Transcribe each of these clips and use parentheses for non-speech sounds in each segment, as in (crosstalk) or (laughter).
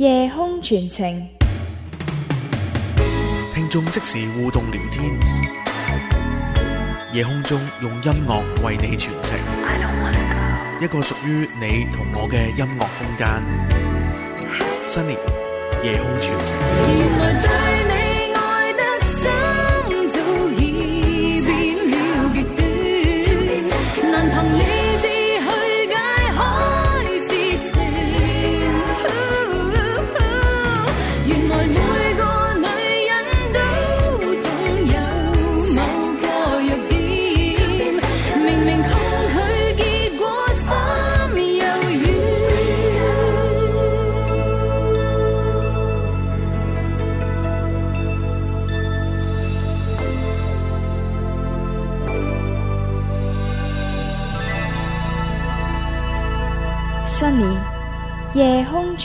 夜空傳情，聽眾即時互動聊天，夜空中用音樂為你傳情，一個屬於你同我嘅音樂空間，新年，夜空傳情。 (music)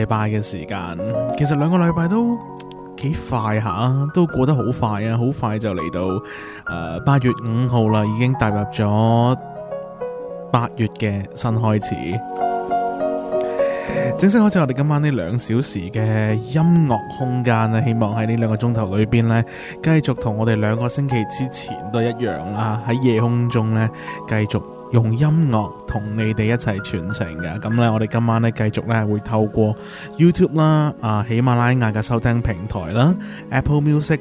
禮拜嘅時間，其實兩個禮拜都幾快吓、啊，都過得好快啊！好快就嚟到誒八、呃、月五號啦，已經踏入咗八月嘅新開始。正式開始我哋今晚呢兩小時嘅音樂空間啊，希望喺呢兩個鐘頭裏邊呢，繼續同我哋兩個星期之前都一樣啦、啊，喺夜空中呢，繼續。用音樂同你哋一齊傳承嘅，咁咧我哋今晚咧繼續咧會透過 YouTube 啦、啊喜馬拉雅嘅收聽平台啦、Apple Music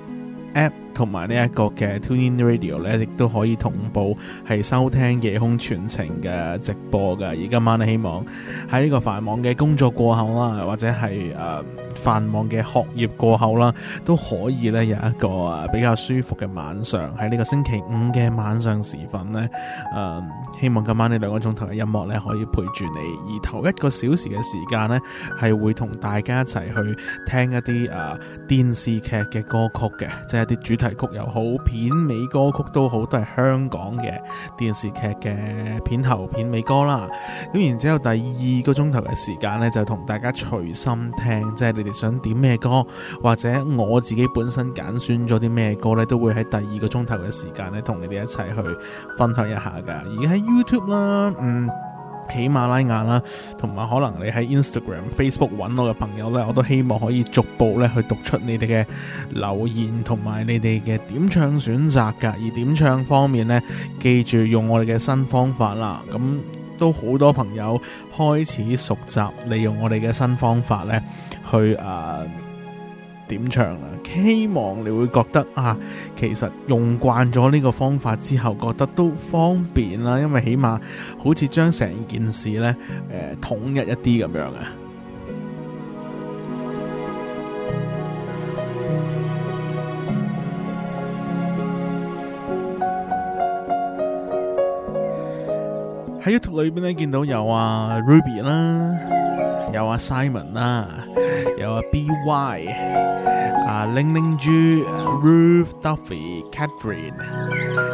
App，同埋呢一個嘅 TuneIn Radio 咧，亦都可以同步係收聽夜空全程嘅直播噶。而今晚咧，希望喺呢個繁忙嘅工作過後啦，或者係誒、呃、繁忙嘅學業過後啦，都可以咧有一個啊比較舒服嘅晚上。喺呢個星期五嘅晚上時分咧，誒、呃、希望今晚你呢兩個鐘頭嘅音樂咧，可以陪住你。而頭一個小時嘅時間咧，係會同大家一齊去聽一啲啊、呃、電視劇嘅歌曲嘅，即係一啲主題。曲又好，片尾歌曲都好，都係香港嘅電視劇嘅片頭、片尾歌啦。咁然之後，第二個鐘頭嘅時間呢，就同大家隨心聽，即係你哋想點咩歌，或者我自己本身揀選咗啲咩歌呢，都會喺第二個鐘頭嘅時間呢，同你哋一齊去分享一下噶。而喺 YouTube 啦，嗯。喜馬拉雅啦，同埋可能你喺 Instagram、Facebook 揾我嘅朋友呢，我都希望可以逐步呢去讀出你哋嘅留言，同埋你哋嘅點唱選擇噶。而點唱方面呢，記住用我哋嘅新方法啦。咁都好多朋友開始熟習利用我哋嘅新方法呢去啊。呃點唱啦。希望你會覺得啊，其實用慣咗呢個方法之後，覺得都方便啦，因為起碼好似將成件事呢誒、呃、統一一啲咁樣啊。喺 (music) YouTube 裏邊呢見到有啊 Ruby 啦。有阿、啊、Simon 啦，有阿、啊、BY，啊零零 G，Ruth Duffy，Catherine，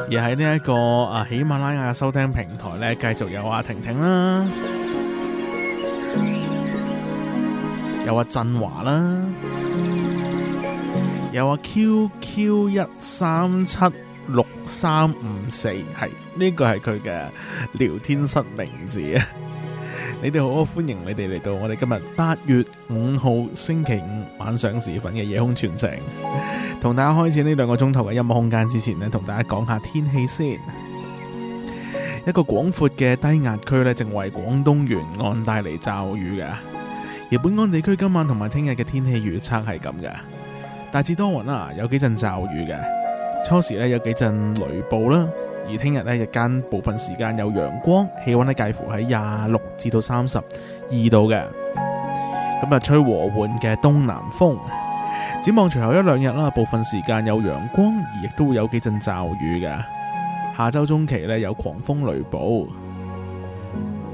而喺呢、這、一個啊喜馬拉雅收聽平台咧，繼續有阿、啊、婷婷啦，有阿、啊、振華啦，有阿 QQ 一三七六三五四，係、這、呢個係佢嘅聊天室名字啊。 (laughs) 你哋好，歡迎你哋嚟到我哋今日八月五號星期五晚上時分嘅夜空傳情，同 (laughs) 大家開始呢兩個鐘頭嘅音樂空間之前呢，同大家講下天氣先。一個廣闊嘅低壓區呢正為廣東沿岸帶嚟驟雨嘅，而本港地區今晚同埋聽日嘅天氣預測係咁嘅，大致多雲啦，有幾陣驟雨嘅，初時呢，有幾陣雷暴啦。而聽日呢，日間部分時間有陽光，氣溫呢介乎喺廿六至到三十二度嘅，咁啊吹和緩嘅東南風。展望隨後一兩日啦，部分時間有陽光，而亦都會有幾陣驟雨嘅。下周中期呢，有狂風雷暴，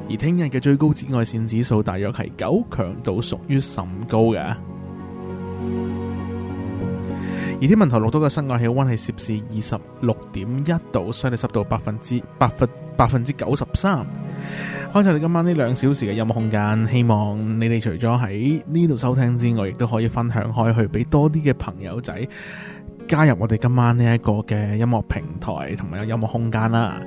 而聽日嘅最高紫外線指數大約係九，強度屬於甚高嘅。而天文台錄到嘅室外氣溫係攝氏二十六點一度，相對濕度百分之百分之百分之九十三。開晒你今晚呢兩小時嘅音樂空間，希望你哋除咗喺呢度收聽之外，亦都可以分享開去，俾多啲嘅朋友仔加入我哋今晚呢一個嘅音樂平台同埋嘅音樂空間啦。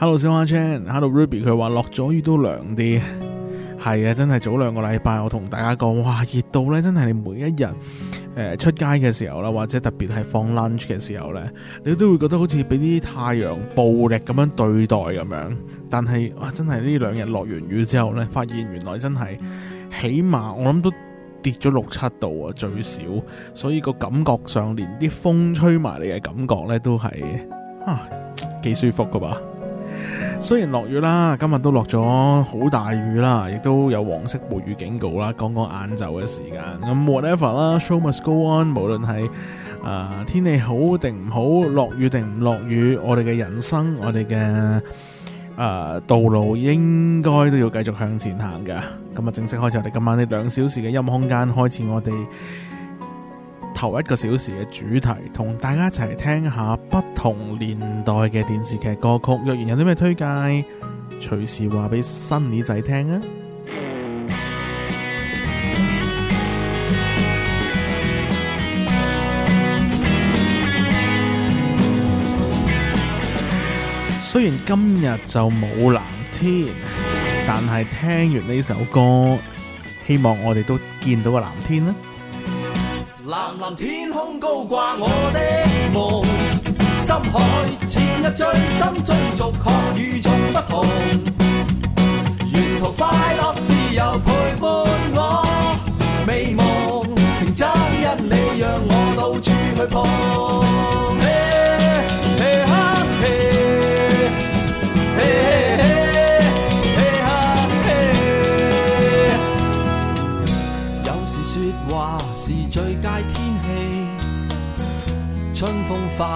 Hello，小阿 Chan，Hello Ruby，佢話落咗雨都涼啲。係啊真係早兩個禮拜我同大家講，哇，熱到呢，真係你每一日誒、呃、出街嘅時候啦，或者特別係放 lunch 嘅時候呢，你都會覺得好似俾啲太陽暴力咁樣對待咁樣。但係啊，真係呢兩日落完雨之後呢，發現原來真係起碼我諗都跌咗六七度啊，最少。所以個感覺上，連啲風吹埋嚟嘅感覺呢都係啊幾舒服噶吧。雖然落雨啦，今日都落咗好大雨啦，亦都有黃色暴雨警告啦。講講晏晝嘅時間，咁 whatever 啦，show must go on，無論係誒天氣好定唔好，落雨定唔落雨，我哋嘅人生，我哋嘅誒道路應該都要繼續向前行㗎。咁啊，正式開始我哋今晚呢兩小時嘅音樂空間，開始我哋。頭一個小時嘅主題，同大家一齊嚟聽下不同年代嘅電視劇歌曲。若然有啲咩推介，隨時話俾 Sunny 仔聽啊！雖然今日就冇藍天，但係聽完呢首歌，希望我哋都見到個藍天啦～藍藍天空高掛我的夢，深海潛入最深追逐，確與眾不同。沿途快樂自由陪伴我，美夢成真因你讓我到處去碰。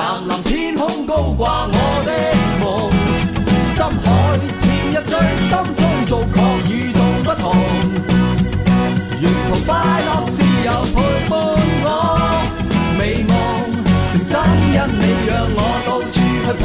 藍藍天空高掛我的夢，深海潛入最心中追逐確與眾不同。沿途快樂自由陪伴我，美夢成真因你讓我到處去闖。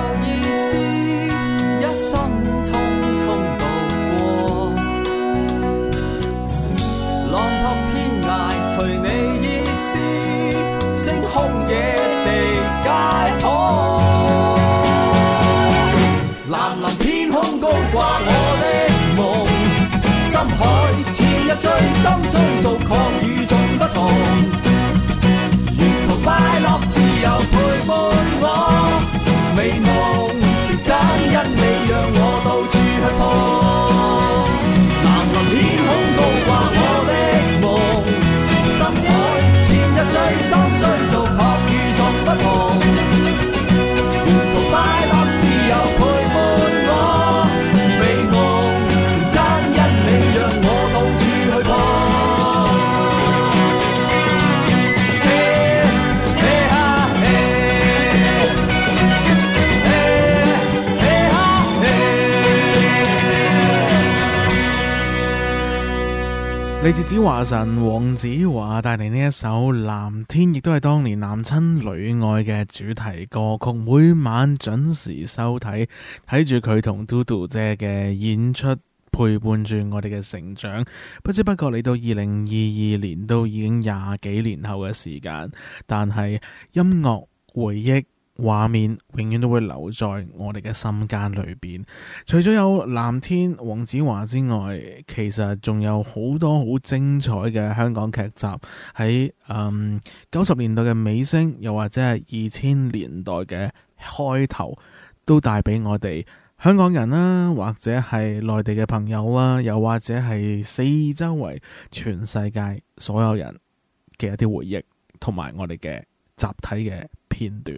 美夢。接住子華神黃子華帶嚟呢一首《藍天》，亦都係當年男親女愛嘅主題歌曲。每晚準時收睇，睇住佢同嘟嘟姐嘅演出，陪伴住我哋嘅成長。不知不覺嚟到二零二二年，都已經廿幾年後嘅時間，但係音樂回憶。畫面永遠都會留在我哋嘅心間裏邊。除咗有藍天、黃子華之外，其實仲有好多好精彩嘅香港劇集喺嗯，九十年代嘅尾聲，又或者係二千年代嘅開頭，都帶俾我哋香港人啦，或者係內地嘅朋友啦，又或者係四周圍全世界所有人嘅一啲回憶，同埋我哋嘅集體嘅片段。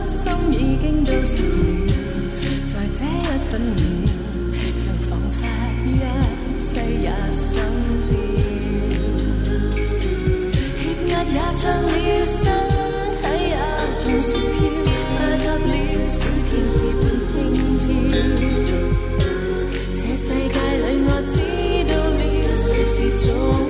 已經都失了，在這一分秒就彷彿一世也心照。血壓也漲了，身體也像雪飄，化作了小天使般輕佻。這世界裏我知道了，誰是錯？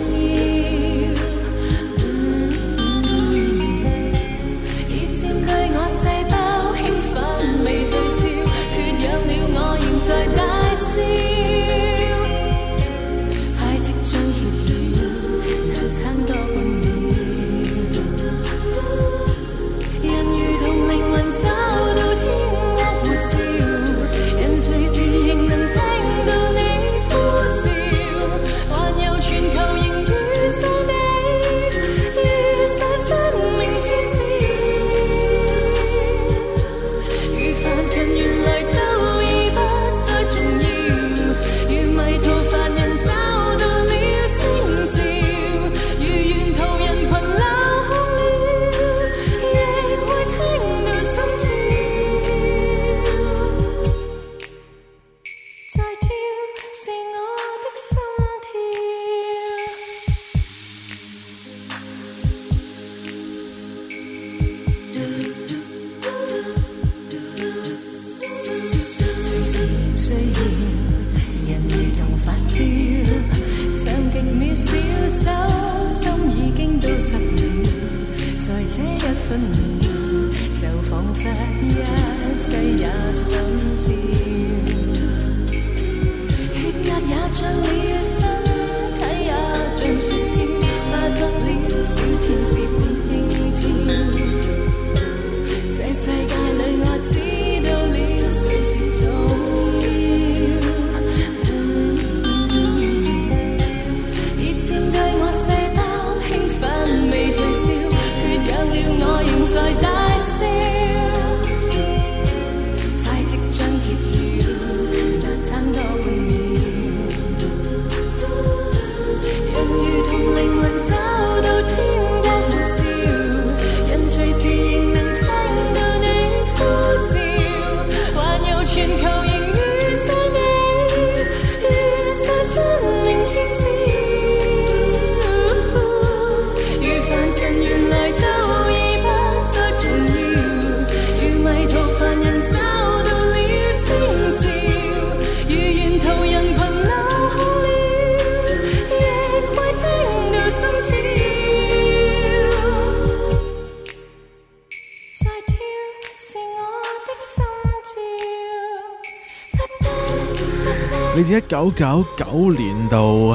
一九九九年度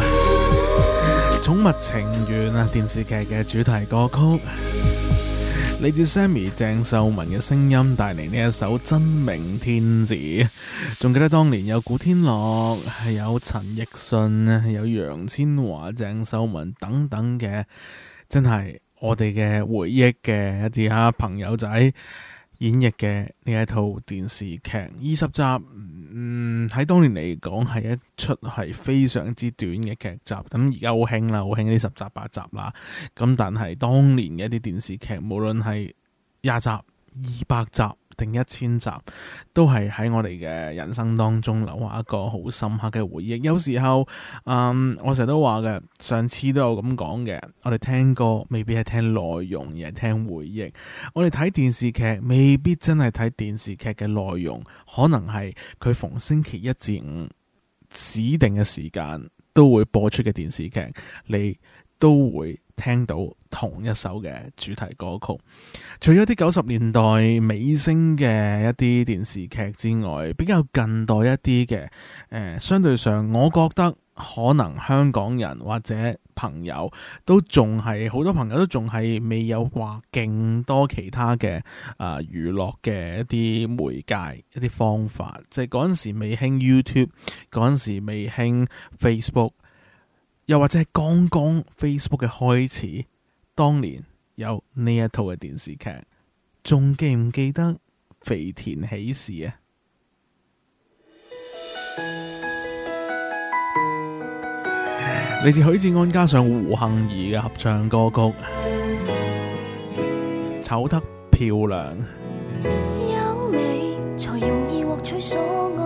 《寵 (laughs) 物情緣》啊，電視劇嘅主題歌曲，嚟 (laughs) 自 Sammi 鄭秀文嘅聲音，帶嚟呢一首《真命天子》。仲記得當年有古天樂，係有陳奕迅，係有楊千嬅、鄭秀文等等嘅，真係我哋嘅回憶嘅一啲啊朋友仔演繹嘅呢一套電視劇二十集。嗯，喺當年嚟講係一齣係非常之短嘅劇集，咁而家好興啦，好興呢十集八集啦，咁但係當年嘅一啲電視劇，無論係廿集、二百集，定一千集，都係喺我哋嘅人生當中留下一個好深刻嘅回憶。有時候，嗯，我成日都話嘅，上次都有咁講嘅。我哋聽歌未必係聽內容，而係聽回憶。我哋睇電視劇未必真係睇電視劇嘅內容，可能係佢逢星期一至五指定嘅時間都會播出嘅電視劇，你都會。聽到同一首嘅主題歌曲，除咗啲九十年代美星嘅一啲電視劇之外，比較近代一啲嘅，誒、呃，相對上我覺得可能香港人或者朋友都仲係好多朋友都仲係未有話勁多其他嘅啊、呃、娛樂嘅一啲媒介一啲方法，即係嗰陣時未興 YouTube，嗰陣時未興 Facebook。又或者係剛剛 Facebook 嘅開始，當年有呢一套嘅電視劇，仲記唔記得肥田喜事啊？嚟 (music) 自許志安加上胡杏兒嘅合唱歌曲《醜得漂亮》。 (music) (music)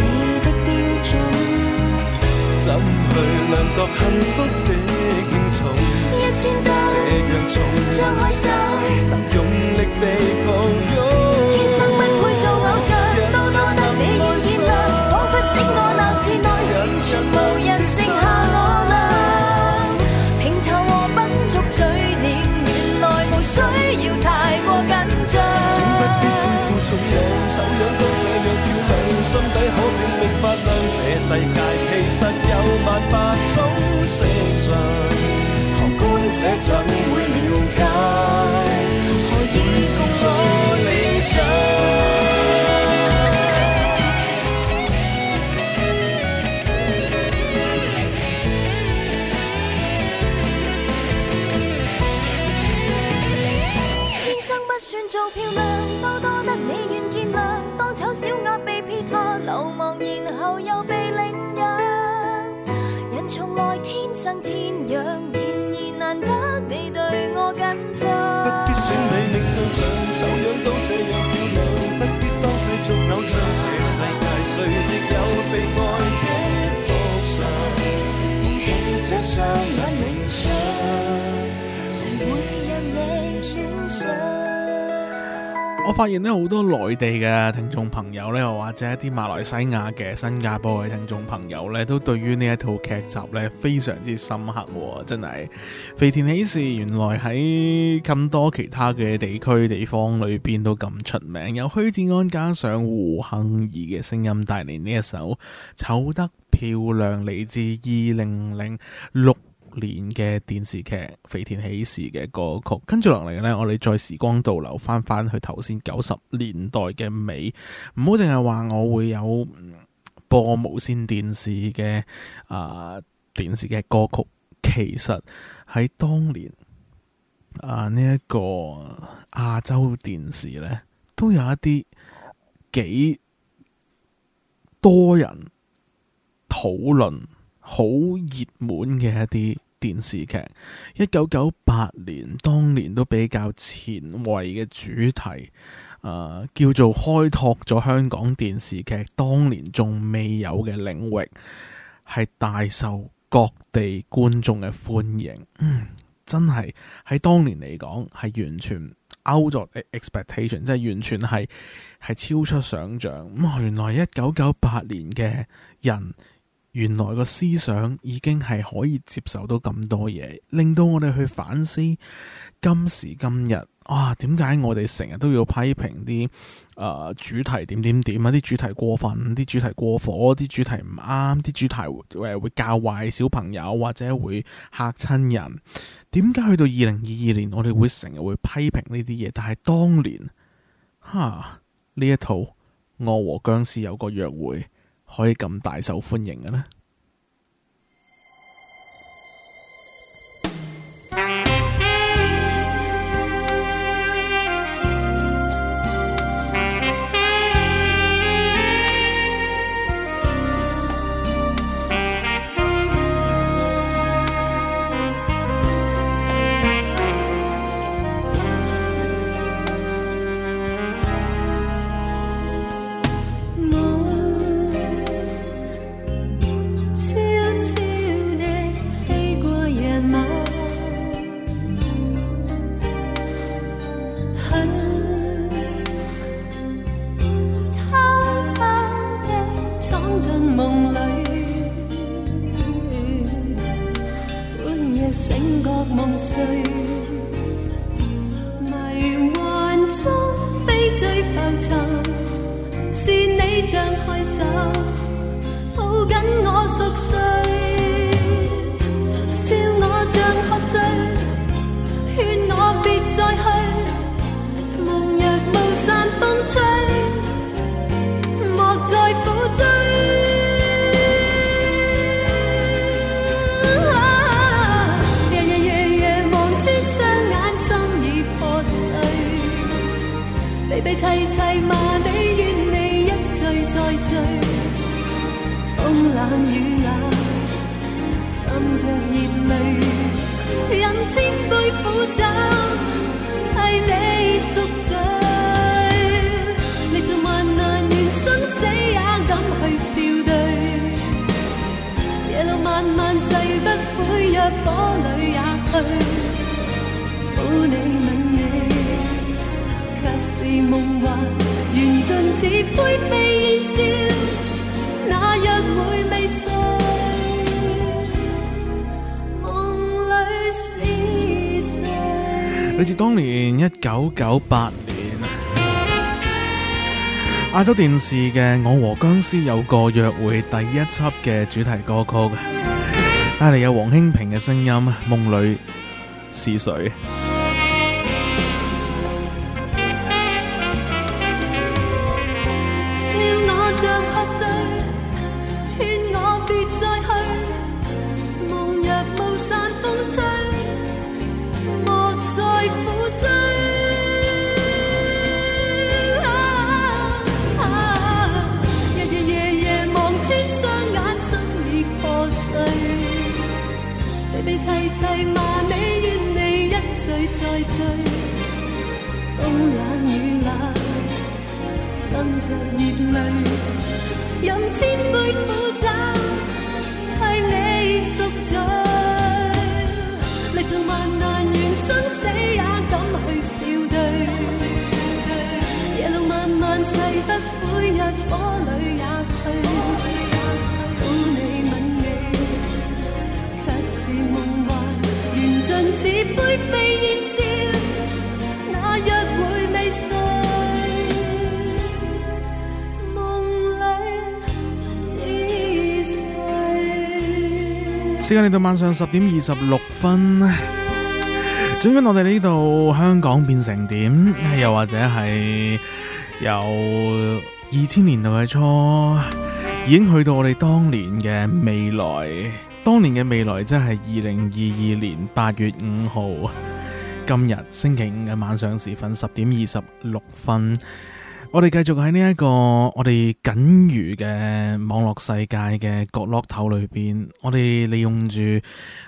到底可拼命發亮，這世界其實有萬百種色相，旁觀者怎會了解？何以共在理想。扭轉這世界誰亦有被愛的福相。忘記這雙眼。我發現咧好多內地嘅聽眾朋友咧，又或者一啲馬來西亞嘅、新加坡嘅聽眾朋友咧，都對於呢一套劇集咧非常之深刻，真係《肥田喜事》原來喺咁多其他嘅地區、地方裏邊都咁出名。有許志安加上胡杏兒嘅聲音帶嚟呢一首《醜得漂亮》，嚟自二零零六。年嘅電視劇《肥田喜事》嘅歌曲，跟住落嚟，呢，我哋再時光倒流翻翻去頭先九十年代嘅尾，唔好淨係話我會有播無綫電視嘅啊、呃、電視嘅歌曲，其實喺當年啊呢一個亞洲電視呢，都有一啲幾多人討論。好熱門嘅一啲電視劇，一九九八年當年都比較前衛嘅主題，誒、呃，叫做開拓咗香港電視劇當年仲未有嘅領域，係大受各地觀眾嘅歡迎。嗯，真係喺當年嚟講係完全 out of expectation，即係完全係係超出想象。咁、哦、原來一九九八年嘅人。原來個思想已經係可以接受到咁多嘢，令到我哋去反思今時今日啊，點解我哋成日都要批評啲誒、呃、主題點點點啊？啲主題過分，啲主題過火，啲主題唔啱，啲主題誒會，會，會教壞小朋友或者會吓親人。點解去到二零二二年，我哋會成日會批評呢啲嘢？但係當年吓呢一套《我和僵屍有個約會》。可以咁大受歡迎嘅呢？九九八年，亞洲電視嘅《我和僵屍有個約會》第一輯嘅主題歌曲，帶嚟有黃興平嘅聲音，夢裏是誰？晚上十點二十六分，究竟我哋呢度香港變成點？又或者係由二千年代嘅初，已經去到我哋當年嘅未來？當年嘅未來，即係二零二二年八月五號，今日星期五嘅晚上時分，十點二十六分。我哋繼續喺呢一個我哋僅餘嘅網絡世界嘅角落頭裏邊，我哋利用住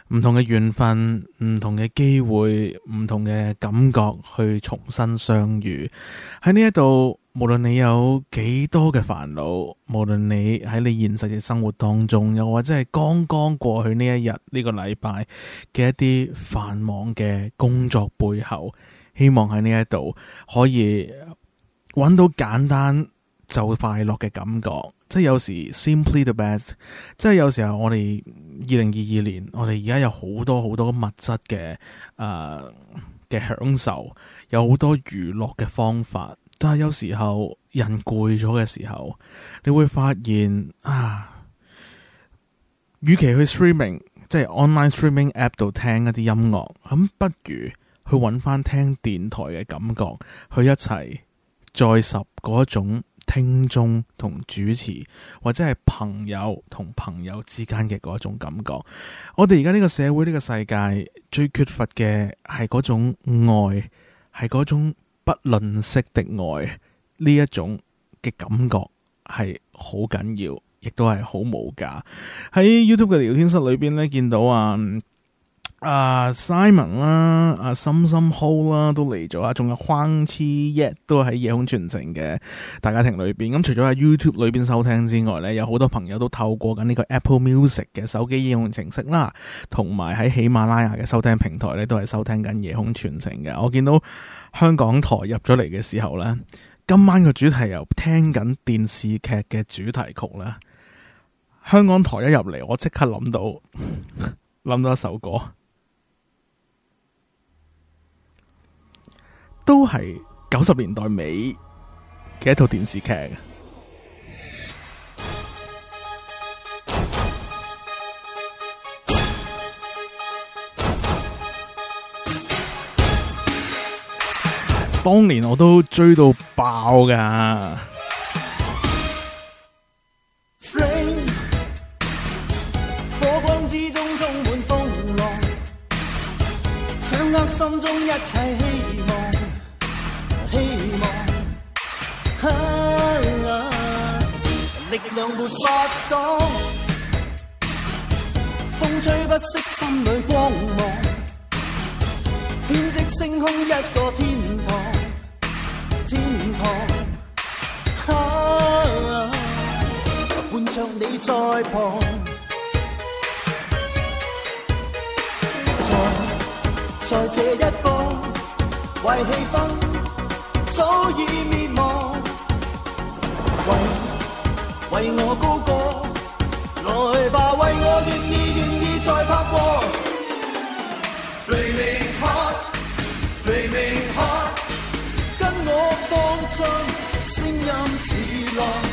唔同嘅緣分、唔同嘅機會、唔同嘅感覺去重新相遇。喺呢一度，無論你有幾多嘅煩惱，無論你喺你現實嘅生活當中，又或者係剛剛過去呢一日、呢個禮拜嘅一啲繁忙嘅工作背後，希望喺呢一度可以。揾到簡單就快樂嘅感覺，即係有時 Simply the best。即係有時候，我哋二零二二年，我哋而家有好多好多物質嘅誒嘅享受，有好多娛樂嘅方法。但係有時候人攰咗嘅時候，你會發現啊，與其去 streaming，即係 online streaming app 度聽一啲音樂，咁不如去揾翻聽電台嘅感覺，去一齊。再十嗰種聽眾同主持，或者係朋友同朋友之間嘅嗰種感覺。我哋而家呢個社會呢、呢個世界最缺乏嘅係嗰種愛，係嗰種不吝嗇的愛呢一種嘅感覺係好緊要，亦都係好無價。喺 YouTube 嘅聊天室裏邊咧，見到啊。啊、uh,，Simon 啦、uh,，啊 Samson Hall 啦，ho, uh, 都嚟咗啊，仲有荒痴 Yet 都喺夜空傳情嘅大家庭裏邊。咁、嗯、除咗喺 YouTube 裏邊收聽之外呢，有好多朋友都透過緊呢個 Apple Music 嘅手機應用程式啦，同埋喺喜馬拉雅嘅收聽平台呢都係收聽緊夜空傳情嘅。我見到香港台入咗嚟嘅時候呢，今晚嘅主題由聽緊電視劇嘅主題曲啦。香港台一入嚟，我即刻諗到諗 (laughs) 到一首歌。都係九十年代尾嘅一套電視劇， (music) 當年我都追到爆㗎。力量沒法擋，風吹不熄心裏光芒，編織星空一個天堂，天堂。啊，伴著你在旁，在在這一方，壞氣氛早已滅亡。為為我高歌，來吧，為我願意，願意再拍和。flaming hot，flaming hot，跟我放縱，聲音似浪。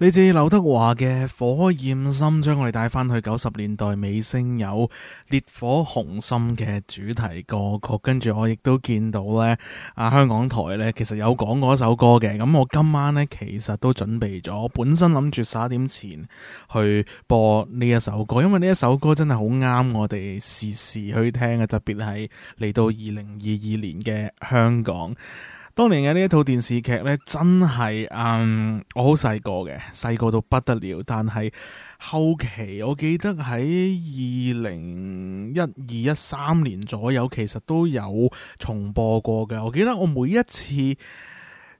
你知劉德華嘅《火焰心》將我哋帶翻去九十年代尾聲有《烈火雄心》嘅主題歌曲，跟住我亦都見到呢啊香港台呢，其實有講過一首歌嘅。咁我今晚呢，其實都準備咗，本身諗住十一點前去播呢一首歌，因為呢一首歌真係好啱我哋時時去聽嘅，特別係嚟到二零二二年嘅香港。當年嘅呢一套電視劇呢，真係嗯，我好細個嘅，細個到不得了。但係後期我記得喺二零一二一三年左右，其實都有重播過嘅。我記得我每一次，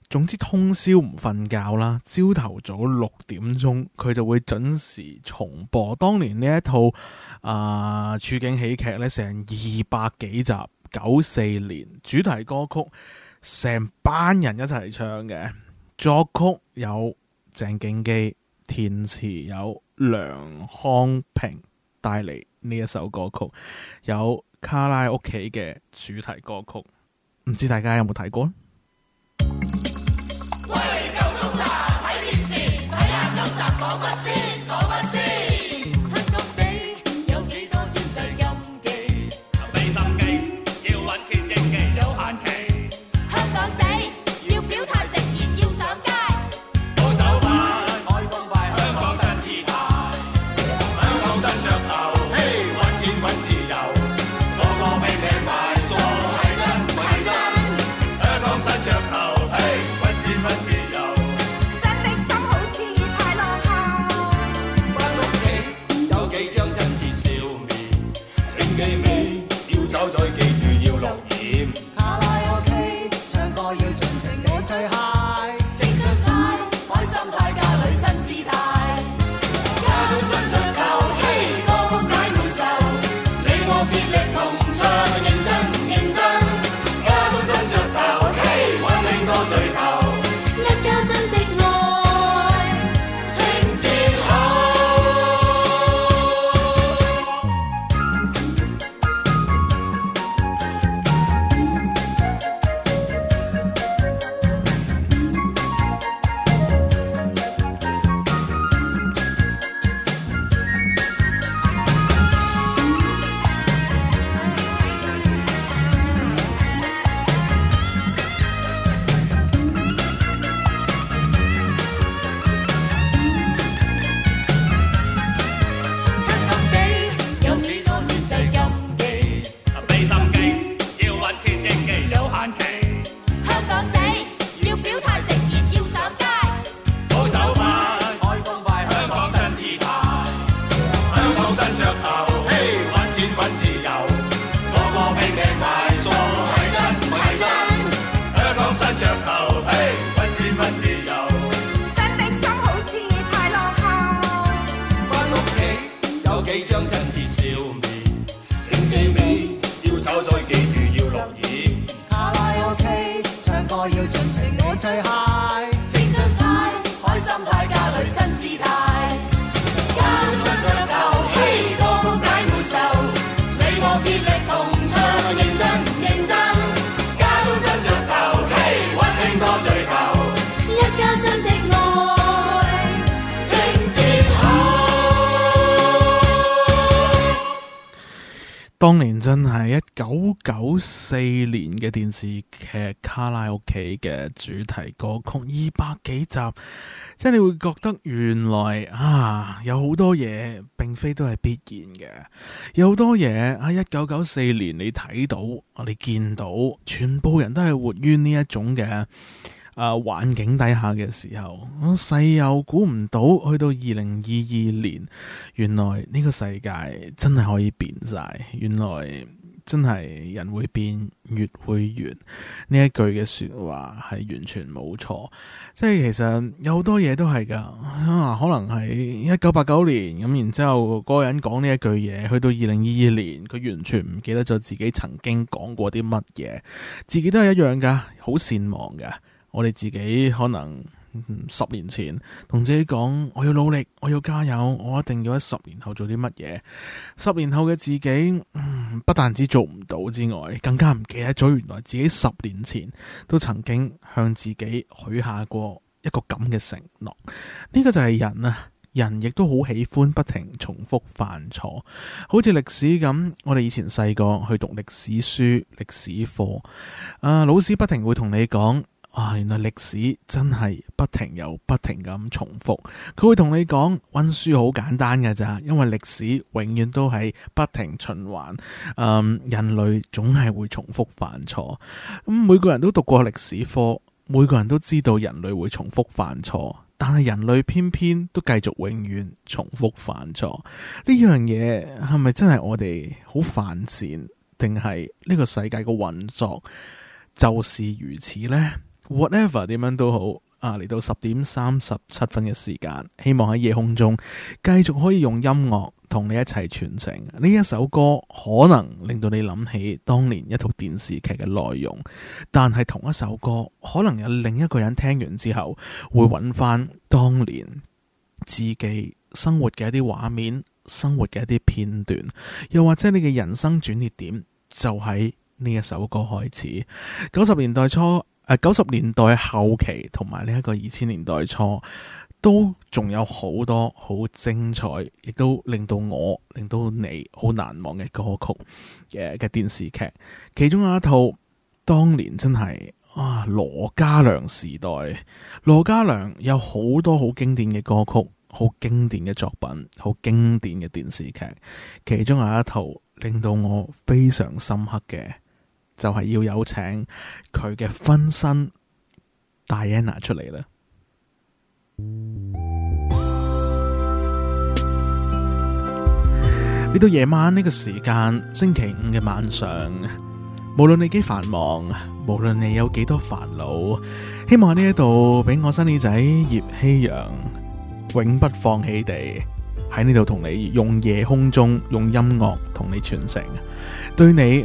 總之通宵唔瞓覺啦，朝頭早六點鐘佢就會準時重播。當年呢一套啊、呃、處境喜劇呢，成二百幾集，九四年主題歌曲。成班人一齊唱嘅，作曲有鄭景基，填詞有梁康平，帶嚟呢一首歌曲有《卡拉屋企》嘅主題歌曲，唔知大家有冇睇過？電視劇《卡拉屋企》嘅主題歌曲，二百幾集，即係你會覺得原來啊，有好多嘢並非都係必然嘅，有好多嘢喺一九九四年你睇到，我哋見到全部人都係活於呢一種嘅啊環境底下嘅時候，我細又估唔到去到二零二二年，原來呢個世界真係可以變晒，原來。真係人會變，月會圓，呢一句嘅說話係完全冇錯。即係其實有好多嘢都係噶，啊，可能係一九八九年咁，然之後嗰個人講呢一句嘢，去到二零二二年，佢完全唔記得咗自己曾經講過啲乜嘢，自己都係一樣噶，好善忘噶。我哋自己可能，嗯、十年前同自己講，我要努力，我要加油，我一定要喺十年後做啲乜嘢。十年後嘅自己，嗯、不但止做唔到之外，更加唔記得咗原來自己十年前都曾經向自己許下過一個咁嘅承諾。呢個就係人啊，人亦都好喜歡不停重複犯錯，好似歷史咁。我哋以前細個去讀歷史書、歷史課，啊，老師不停會同你講。啊，原來歷史真係不停又不停咁重複，佢會同你講，溫書好簡單㗎咋，因為歷史永遠都係不停循環。嗯，人類總係會重複犯錯。嗯，每個人都讀過歷史課，每個人都知道人類會重複犯錯，但係人類偏偏都繼續永遠重複犯錯。呢樣嘢係咪真係我哋好犯賤，定係呢個世界嘅運作就是如此呢？Whatever 點樣都好，啊，嚟到十點三十七分嘅時間，希望喺夜空中繼續可以用音樂同你一齊傳情。呢一首歌可能令到你諗起當年一套電視劇嘅內容，但係同一首歌可能有另一個人聽完之後會搵翻當年自己生活嘅一啲畫面、生活嘅一啲片段，又或者你嘅人生轉折點就喺、是、呢一首歌開始。九十年代初。九十年代後期同埋呢一個二千年代初，都仲有好多好精彩，亦都令到我，令到你好難忘嘅歌曲嘅嘅電視劇，其中有一套當年真係啊羅嘉良時代，羅嘉良有好多好經典嘅歌曲，好經典嘅作品，好經典嘅電視劇，其中有一套令到我非常深刻嘅。就係要有請佢嘅分身戴安娜出嚟啦！嚟 (music) 到夜晚呢個時間，星期五嘅晚上，無論你幾繁忙，無論你有幾多煩惱，希望呢一度俾我 Sunny 仔葉希陽永不放棄地喺呢度同你用夜空中用音樂同你傳情，對你。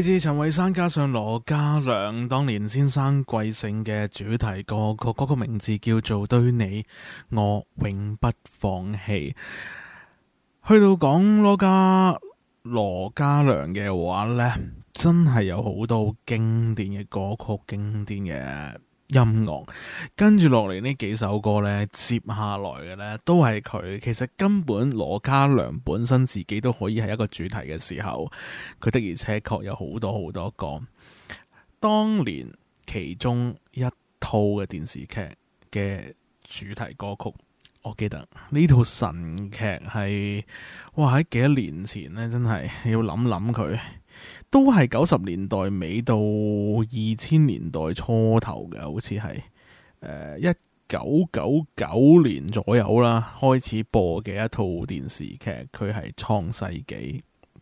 來自陳慧珊加上羅嘉良當年先生貴姓嘅主題歌曲，嗰個名字叫做《對你我永不放棄》。去到講羅嘉羅嘉良嘅話咧，真係有好多經典嘅歌曲，經典嘅。音樂跟住落嚟呢幾首歌呢，接下來嘅呢都係佢。其實根本羅嘉良本身自己都可以係一個主題嘅時候，佢的而且確，確有好多好多歌。當年其中一套嘅電視劇嘅主題歌曲，我記得呢套神劇係，哇，喺幾多年前呢，真係要諗諗佢。都係九十年代尾到二千年代初頭嘅，好似係誒一九九九年左右啦，開始播嘅一套電視劇，佢係《創世紀》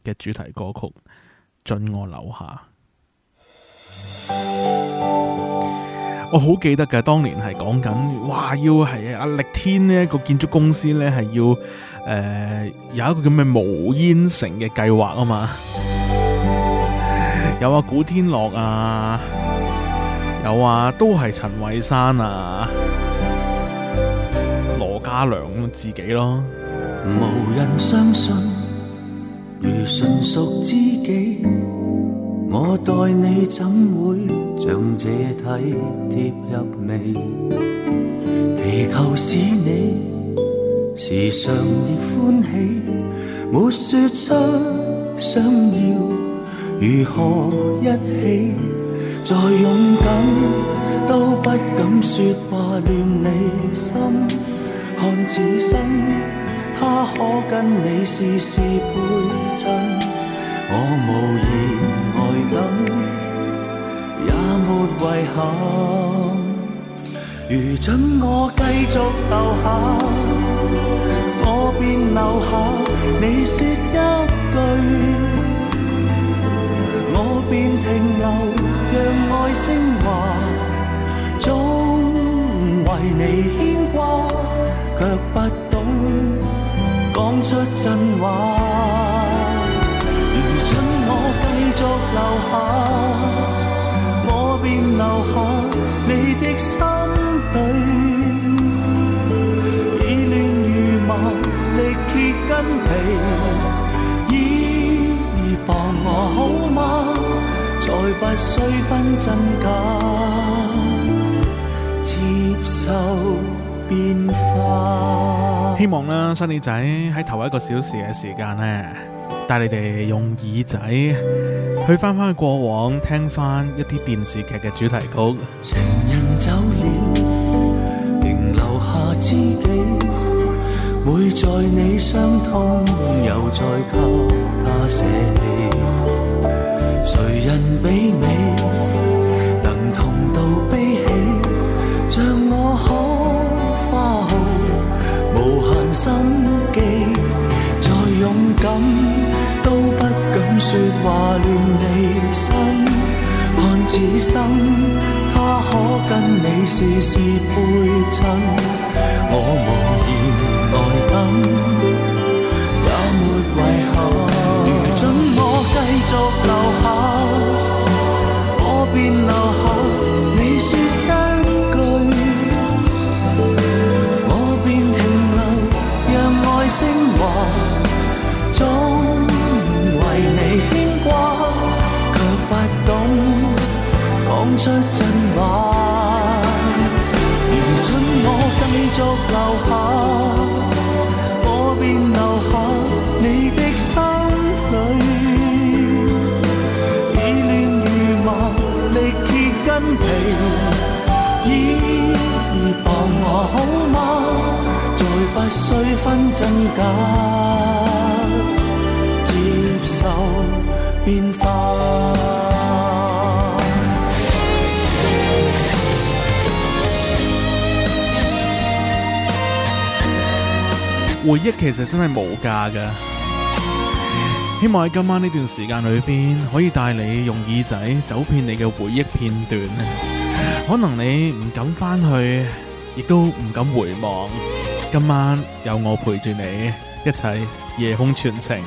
嘅主題歌曲《進我樓下》， (music) 我好記得㗎。當年係講緊，話要係阿力天呢一個建築公司呢，係要誒、呃、有一個叫咩無煙城嘅計劃啊嘛。 (music) 有啊，古天樂啊，有啊，都係陳慧珊啊，羅嘉良自己咯。無人相信，如純屬知己，我待你怎會像這體貼入微？祈求使你時常亦歡喜，沒説出想要。如何一起再勇敢，都不敢説話亂你心，看此生，他可跟你事事配襯，我無言來等，也沒遺憾。如准我繼續留下，我便留下，你説一句。我便停留，讓愛升華，總為你牽掛，卻不懂講出真話。如準我繼續留下，我便留下。接受變化，希望啦，新耳仔喺頭一個小時嘅時間咧，帶你哋用耳仔去翻翻過往，聽翻一啲電視劇嘅主題曲。情人走，你仍留下知己，會在你傷痛又再給他誰人比美，能同度悲喜？像我可花好無限心機，再勇敢都不敢説話亂你心。看此生他可跟你事事配襯，我無言來等，也沒遺憾。若留下，我便留下。分真假接受變化，回憶其實真係無價噶，希望喺今晚呢段時間裏邊，可以帶你用耳仔走遍你嘅回憶片段。可能你唔敢翻去，亦都唔敢回望。今晚有我陪住你，一齊夜空傳情。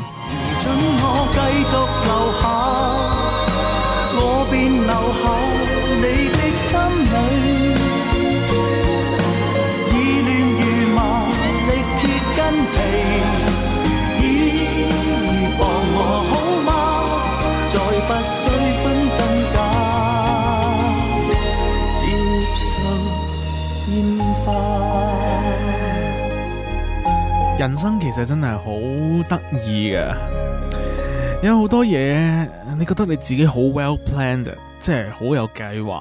人生其實真係好得意㗎，有好多嘢，你覺得你自己好 well planned，即係好有計劃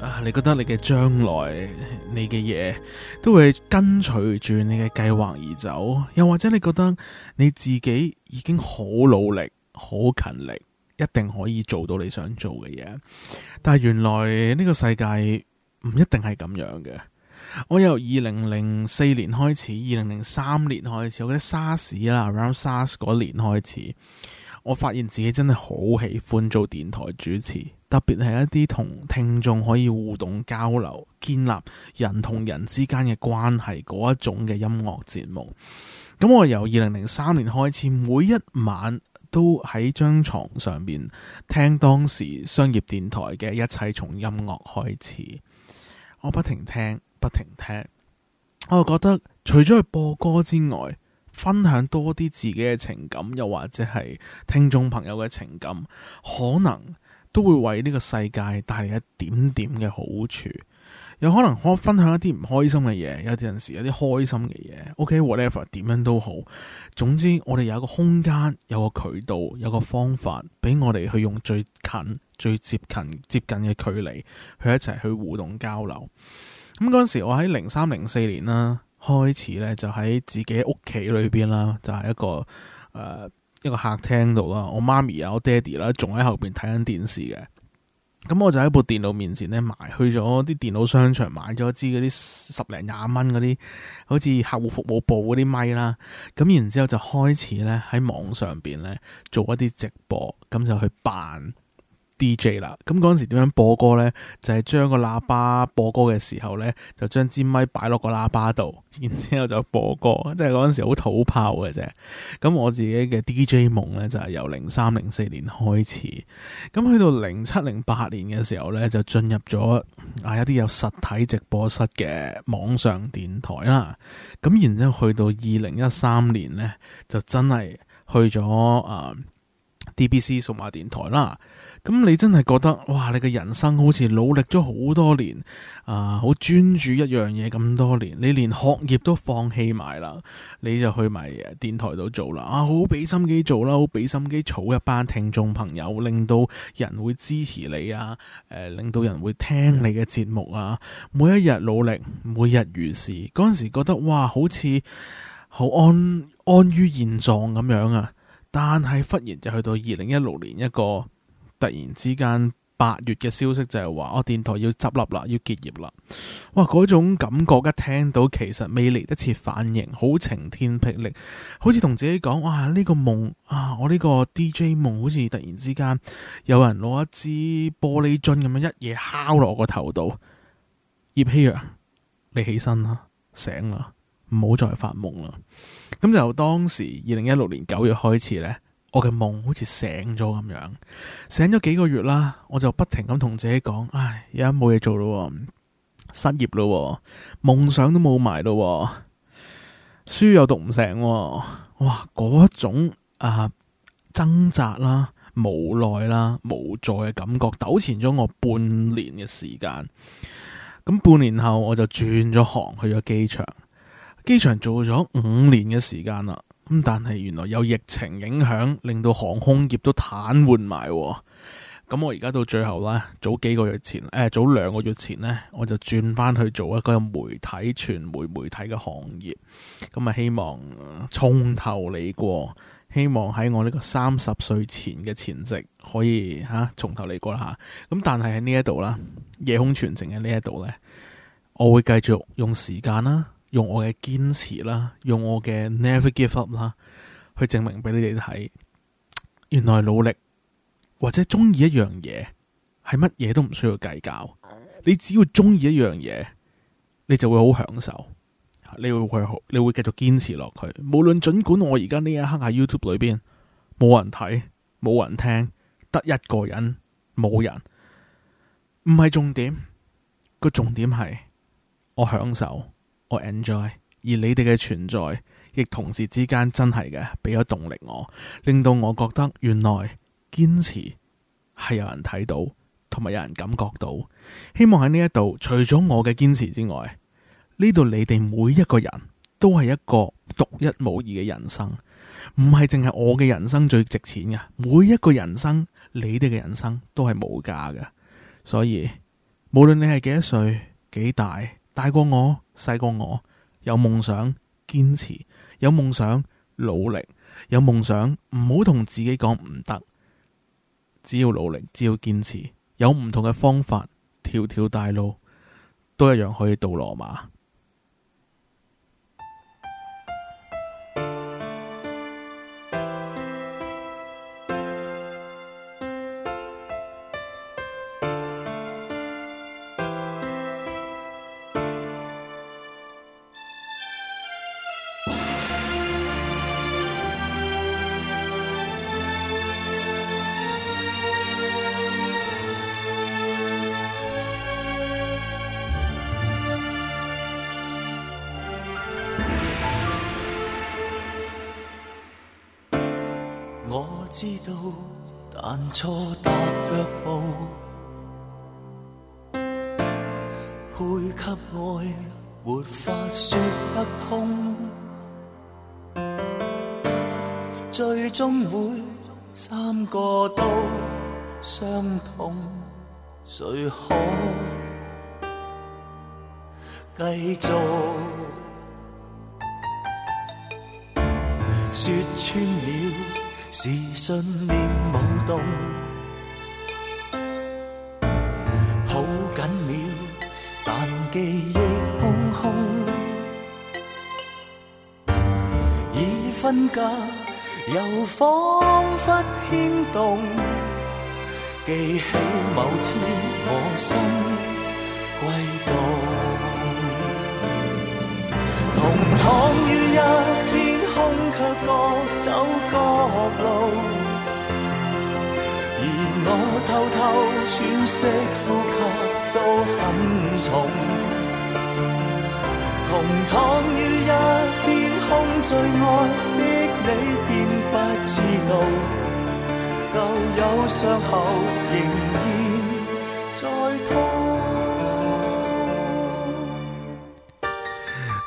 啊，你覺得你嘅將來、你嘅嘢都會跟隨住你嘅計劃而走，又或者你覺得你自己已經好努力、好勤力，一定可以做到你想做嘅嘢，但係原來呢個世界唔一定係咁樣嘅。我由二零零四年開始，二零零三年開始，我覺得 SARS, Around SARS 啦，round SARS 嗰年開始，我發現自己真係好喜歡做電台主持，特別係一啲同聽眾可以互動交流、建立人同人之間嘅關係嗰一種嘅音樂節目。咁我由二零零三年開始，每一晚都喺張床上面聽當時商業電台嘅一切，從音樂開始，我不停聽。不停聽，我就覺得除咗去播歌之外，分享多啲自己嘅情感，又或者係聽眾朋友嘅情感，可能都會為呢個世界帶嚟一點點嘅好處。有可能可分享一啲唔開心嘅嘢，有陣時有啲開心嘅嘢。OK，whatever，、okay, 點樣都好，總之我哋有一個空間，有個渠道，有個方法，俾我哋去用最近、最接近、接近嘅距離去一齊去互動交流。咁嗰時我喺零三零四年啦，開始咧就喺自己屋企裏邊啦，就係、是、一個誒、呃、一個客廳度啦。我媽咪啊我爹哋啦，仲喺後邊睇緊電視嘅。咁我就喺部電腦面前咧埋去咗啲電腦商場買咗支嗰啲十零廿蚊嗰啲，好似客戶服務部嗰啲咪啦。咁然之後就開始咧喺網上邊咧做一啲直播，咁就去扮。D.J. 啦，咁嗰陣時點樣播歌呢？就係將個喇叭播歌嘅時候呢，就將支咪擺落個喇叭度，然之後就播歌，即係嗰陣時好土炮嘅啫。咁我自己嘅 D.J. 夢呢，就係、是、由零三零四年開始，咁去到零七零八年嘅時候呢，就進入咗啊一啲有實體直播室嘅網上電台啦。咁然之後去到二零一三年呢，就真係去咗啊、uh, D.B.C. 數碼電台啦。咁你真係覺得哇？你嘅人生好似努力咗好多年啊，好專注一樣嘢咁多年，你連學業都放棄埋啦，你就去埋電台度做啦啊，好俾心機做啦，好俾心機儲一班聽眾朋友，令到人會支持你啊，誒，令到人會聽你嘅節目啊，每一日努力，每日如是。嗰陣時覺得哇，好似好安安於現狀咁樣啊，但係忽然就去到二零一六年一個。突然之間，八月嘅消息就係話，我電台要執笠啦，要結業啦。哇！嗰種感覺一聽到，其實未嚟得切反應，好晴天霹靂，好似同自己講：哇！呢個夢啊，我呢個 DJ 夢，好似突然之間有人攞一支玻璃樽咁樣一嘢敲落我個頭度。葉希啊，你起身啦，醒啦，唔好再發夢啦。咁就當時二零一六年九月開始呢。我嘅夢好似醒咗咁樣，醒咗幾個月啦，我就不停咁同自己講：唉，而家冇嘢做咯、啊，失業咯，夢想都冇埋咯，書又讀唔成，哇！嗰種啊掙扎啦、無奈啦、無助嘅感覺，糾纏咗我半年嘅時間。咁半年後，我就轉咗行去咗機場，機場做咗五年嘅時間啦。咁但係原來有疫情影響，令到航空業都癱瘓埋。咁、嗯、我而家到最後啦，早幾個月前，誒、呃，早兩個月前呢，我就轉翻去做一個媒體傳媒媒體嘅行業。咁、嗯、啊，希望從、呃、頭嚟過，希望喺我呢個三十歲前嘅前夕可以吓從頭嚟過啦。吓、啊，咁、嗯、但係喺呢一度啦，夜空傳情嘅呢一度呢，我會繼續用時間啦、啊。用我嘅堅持啦，用我嘅 never give up 啦，去證明俾你哋睇，原來努力或者中意一樣嘢係乜嘢都唔需要計較，你只要中意一樣嘢，你就會好享受，你會會好，你會繼續堅持落去。無論盡管我而家呢一刻喺 YouTube 裏邊冇人睇，冇人聽，得一個人，冇人，唔係重點，個重點係我享受。我 enjoy，而你哋嘅存在亦同時之間真係嘅俾咗動力我，令到我覺得原來堅持係有人睇到，同埋有人感覺到。希望喺呢一度，除咗我嘅堅持之外，呢度你哋每一個人都係一個獨一無二嘅人生，唔係淨係我嘅人生最值錢嘅。每一個人生，你哋嘅人生都係無價嘅。所以無論你係幾多歲，幾大。大過我，細過我，有夢想堅持，堅持有夢想，努力有夢想，唔好同自己講唔得，只要努力，只要堅持，有唔同嘅方法，條條大路都一樣可以到羅馬。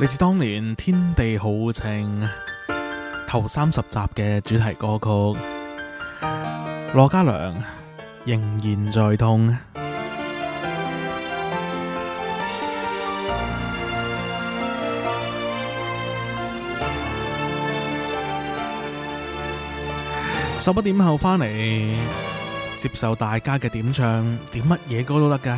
嚟自當年天地豪情頭三十集嘅主題歌曲，羅嘉良仍然在痛。十一點後返嚟接受大家嘅點唱，點乜嘢歌都得噶。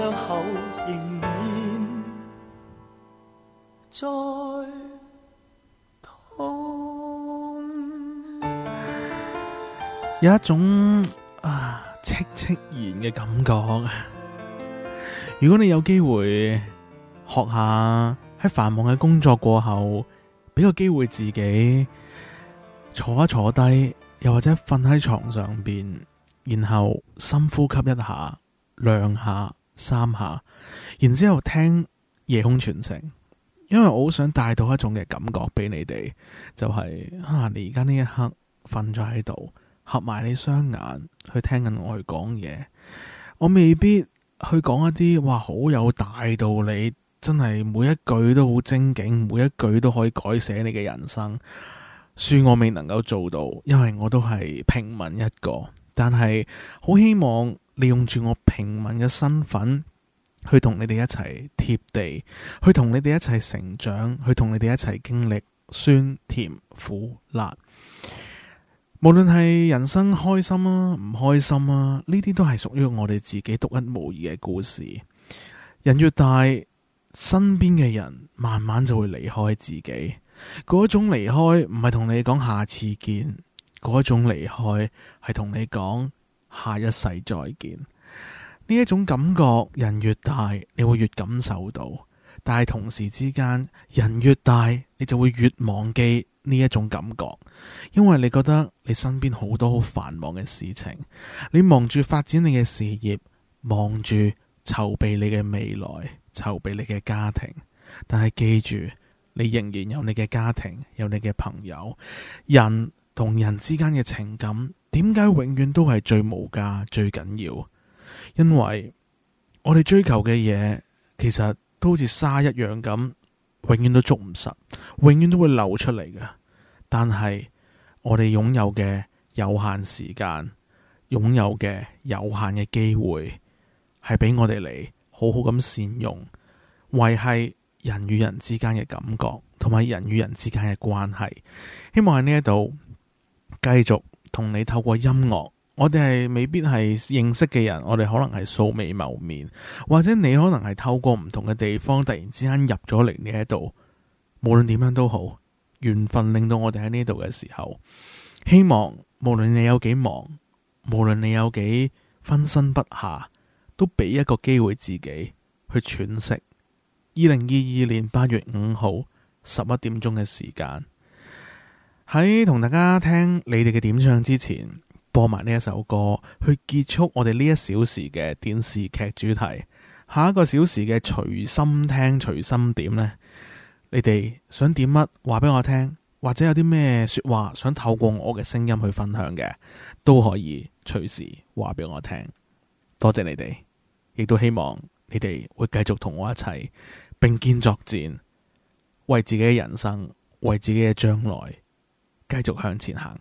傷口仍然再痛，有一種啊戚戚然嘅感覺。 (laughs) 如果你有機會學下喺繁忙嘅工作過後，俾個機會自己坐一坐低，又或者瞓喺床上邊，然後深呼吸一下，涼下。三下，然之後聽夜空傳情，因為我好想帶到一種嘅感覺俾你哋，就係、是、啊，你而家呢一刻瞓咗喺度，合埋你雙眼去聽緊我去講嘢，我未必去講一啲哇好有大道理，真係每一句都好精警，每一句都可以改寫你嘅人生。恕我未能夠做到，因為我都係平民一個，但係好希望。利用住我平民嘅身份，去同你哋一齊貼地，去同你哋一齊成長，去同你哋一齊經歷酸甜苦辣。無論係人生開心啊，唔開心啊，呢啲都係屬於我哋自己獨一無二嘅故事。人越大，身邊嘅人慢慢就會離開自己。嗰種離開唔係同你講下次見，嗰種離開係同你講。下一世再見，呢一種感覺，人越大，你會越感受到，但係同時之間，人越大，你就會越忘記呢一種感覺，因為你覺得你身邊好多好繁忙嘅事情，你忙住發展你嘅事業，忙住籌備你嘅未來，籌備你嘅家庭，但係記住，你仍然有你嘅家庭，有你嘅朋友，人同人之間嘅情感。點解永遠都係最無價、最緊要？因為我哋追求嘅嘢，其實都好似沙一樣咁，永遠都捉唔實，永遠都會漏出嚟㗎。但係我哋擁有嘅有限時間，擁有嘅有限嘅機會，係俾我哋嚟好好咁善用，維繫人與人之間嘅感覺，同埋人與人之間嘅關係。希望喺呢一度繼續。同你透過音樂，我哋係未必係認識嘅人，我哋可能係素未謀面，或者你可能係透過唔同嘅地方突然之間入咗嚟呢一度，無論點樣都好，緣分令到我哋喺呢度嘅時候，希望無論你有幾忙，無論你有幾分身不下，都俾一個機會自己去喘息。二零二二年八月五號十一點鐘嘅時間。喺同大家聽你哋嘅點唱之前，播埋呢一首歌去結束我哋呢一小時嘅電視劇主題。下一個小時嘅隨心聽、隨心點呢？你哋想點乜話俾我聽，或者有啲咩說話想透過我嘅聲音去分享嘅，都可以隨時話俾我聽。多謝你哋，亦都希望你哋會繼續同我一齊並肩作戰，為自己嘅人生，為自己嘅將來。繼續向前行。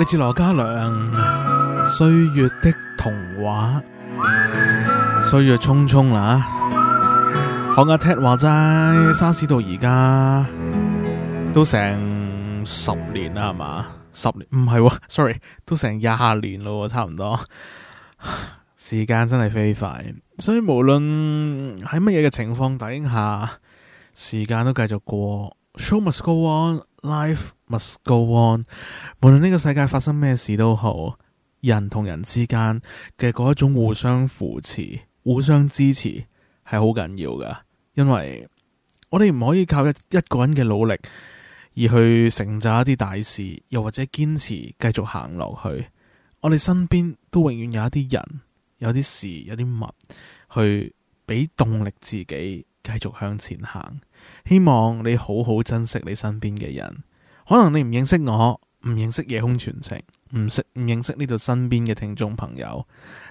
嚟自羅嘉良，歲月的童話，歲月匆匆啦。學阿 Ted 話齋，沙士到而家都成十年啦，係嘛？十年唔係、哦，sorry，都成廿年咯，差唔多。 (laughs) 時間真係飛快，所以無論喺乜嘢嘅情況底下，時間都繼續過，show must go on。Life must go on，無論呢個世界發生咩事都好，人同人之間嘅嗰一種互相扶持、互相支持係好緊要㗎。因為我哋唔可以靠一一個人嘅努力而去成就一啲大事，又或者堅持繼續行落去。我哋身邊都永遠有一啲人、有啲事、有啲物去俾動力自己繼續向前行。希望你好好珍惜你身邊嘅人。可能你唔認識我，唔認識夜空傳情，唔識唔認識呢度身邊嘅聽眾朋友。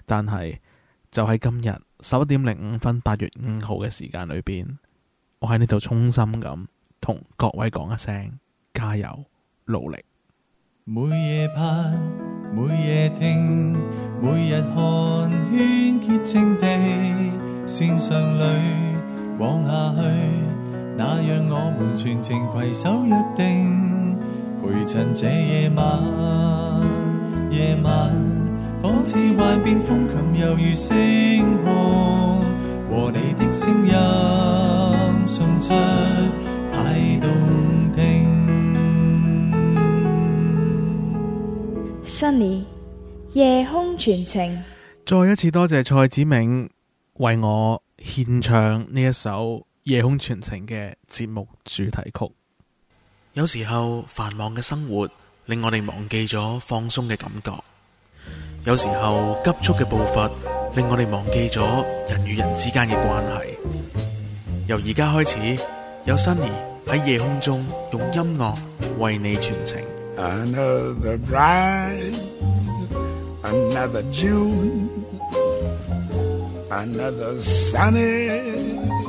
但係就喺今日十一點零五分八月五號嘅時間裏邊，我喺呢度衷心咁同各位講一聲加油，努力。每夜盼，每夜聽，每日看，喧潔靜地線上裏往下去。那讓我們全程攜手約定，陪襯這夜晚。夜晚仿似幻變，風琴猶如星光，和你的聲音，送出太動聽。Sunny 夜空全程再一次多謝蔡子明為我獻唱呢一首。夜空傳情嘅節目主題曲。有時候繁忙嘅生活令我哋忘記咗放鬆嘅感覺，有時候急速嘅步伐令我哋忘記咗人與人之間嘅關係。由而家開始，有 Sunny 喺夜空中用音樂為你傳情。Another bride, Another June, Another sunny,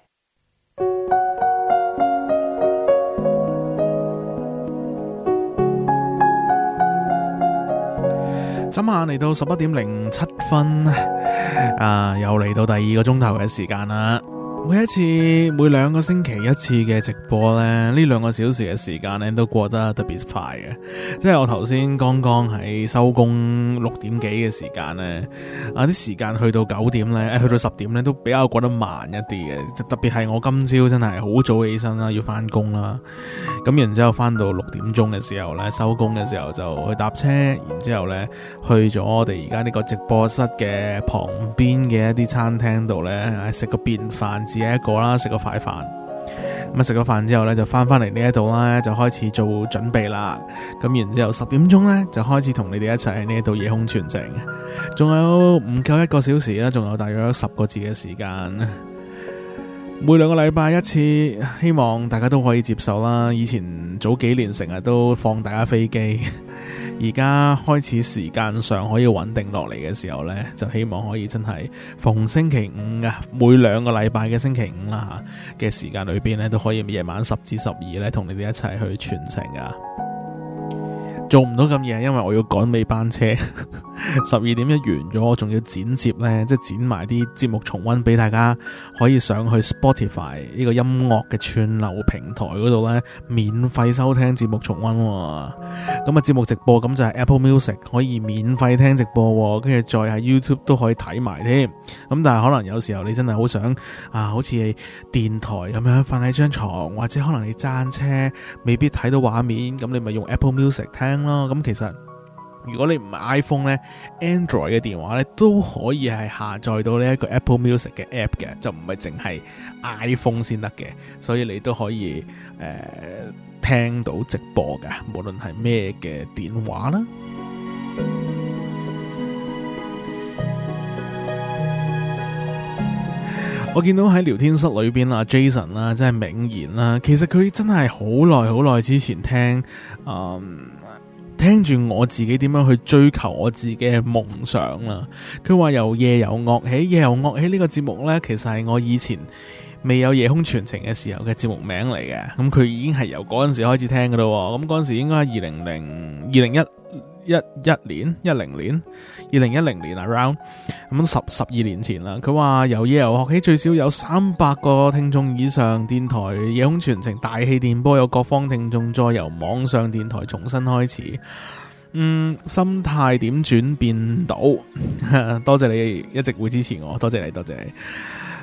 今晚嚟到十一點零七分，啊，又嚟到第二個鐘頭嘅時間啦。每一次每兩個星期一次嘅直播咧，呢兩個小時嘅時間咧都過得特別快嘅。即係我頭先剛剛喺收工六點幾嘅時間咧，啊啲時間去到九點咧，哎，去到十點咧都比較過得慢一啲嘅。特別係我今朝真係好早起身啦，要返工啦。咁然之後返到六點鐘嘅時候咧，收工嘅時候就去搭車，然之後咧去咗我哋而家呢個直播室嘅旁邊嘅一啲餐廳度咧，食個便飯之嘅一個啦，食個快飯，咁啊食個飯之後呢就翻返嚟呢一度啦，就開始做準備啦。咁然之後十點鐘呢，就開始同你哋一齊喺呢度夜空傳情。仲有唔夠一個小時啦，仲有大約十個字嘅時間。每兩個禮拜一次，希望大家都可以接受啦。以前早幾年成日都放大家飛機。而家開始時間上可以穩定落嚟嘅時候呢，就希望可以真係逢星期五啊，每兩個禮拜嘅星期五啦嚇嘅時間裏邊呢，都可以夜晚十至十二呢，同你哋一齊去全程啊。做唔到咁夜，因為我要趕尾班車。 (laughs) 十二點一完咗，我仲要剪接呢，即係剪埋啲節目重温俾大家，可以上去 Spotify 呢個音樂嘅串流平台嗰度呢，免費收聽節目重温喎。咁啊節目直播咁就係 Apple Music 可以免費聽直播喎，跟住再喺 YouTube 都可以睇埋添。咁但係可能有時候你真係好想啊，好似係電台咁樣瞓喺張床，或者可能你揸車未必睇到畫面，咁你咪用 Apple Music 聽咯。咁其實。如果你唔係 iPhone 咧，Android 嘅電話咧都可以係下載到呢一個 Apple Music 嘅 App 嘅，就唔係淨係 iPhone 先得嘅，所以你都可以誒、呃、聽到直播嘅，無論係咩嘅電話啦。 (music) 我見到喺聊天室裏邊啊，Jason 啦，即係明言啦，其實佢真係好耐好耐之前聽嗯。聽住我自己點樣去追求我自己嘅夢想啦。佢話由夜遊樂起，夜遊樂起呢、這個節目呢，其實係我以前未有夜空傳情嘅時候嘅節目名嚟嘅。咁、嗯、佢已經係由嗰陣時開始聽噶啦、哦。咁嗰陣時應該係二零零二零一。一一年、一零年、二零一零年 around 咁十十二年前啦。佢話由夜遊學起，最少有三百個聽眾以上電台。夜空全程大氣電波有各方聽眾，再由網上電台重新開始。嗯，心態點轉變到？ (laughs) 多謝你一直會支持我，多謝你，多謝你。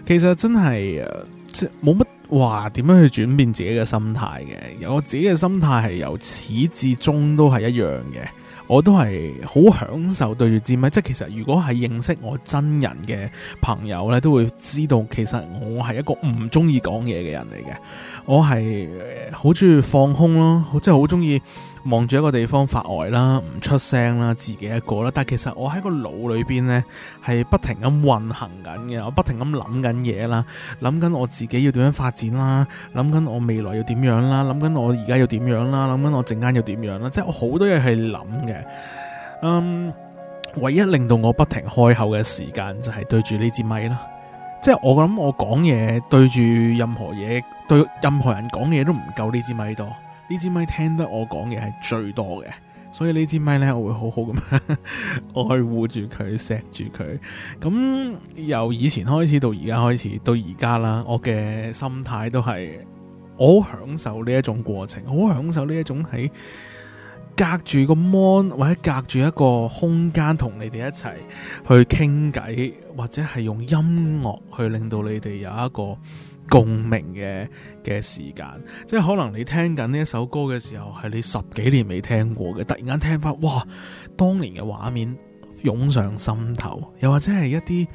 其實真係即冇乜話點樣去轉變自己嘅心態嘅。我自己嘅心態係由始至終都係一樣嘅。我都係好享受對住字咪，即係其實如果係認識我真人嘅朋友咧，都會知道其實我係一個唔中意講嘢嘅人嚟嘅，我係好中意放空咯，即係好中意。望住一個地方發呆啦，唔出聲啦，自己一個啦。但係其實我喺個腦裏邊呢，係不停咁運行緊嘅，我不停咁諗緊嘢啦，諗緊我自己要點樣發展啦，諗緊我未來要點樣啦，諗緊我而家要點樣啦，諗緊我陣間要點樣啦，即係我好多嘢係諗嘅。嗯，唯一令到我不停開口嘅時間就係對住呢支咪啦，即係我諗我講嘢對住任何嘢對任何人講嘢都唔夠呢支咪多。呢支咪聽得我講嘢係最多嘅，所以呢支咪呢，我會好好咁 (laughs) 愛護住佢，錫住佢。咁由以前開始到而家開始到而家啦，我嘅心態都係我好享受呢一種過程，好享受呢一種喺隔住個 mon 或者隔住一個空間同你哋一齊去傾偈，或者係用音樂去令到你哋有一個。共鳴嘅嘅時間，即係可能你聽緊呢一首歌嘅時候，係你十幾年未聽過嘅，突然間聽翻，哇！當年嘅畫面湧上心頭，又或者係一啲誒、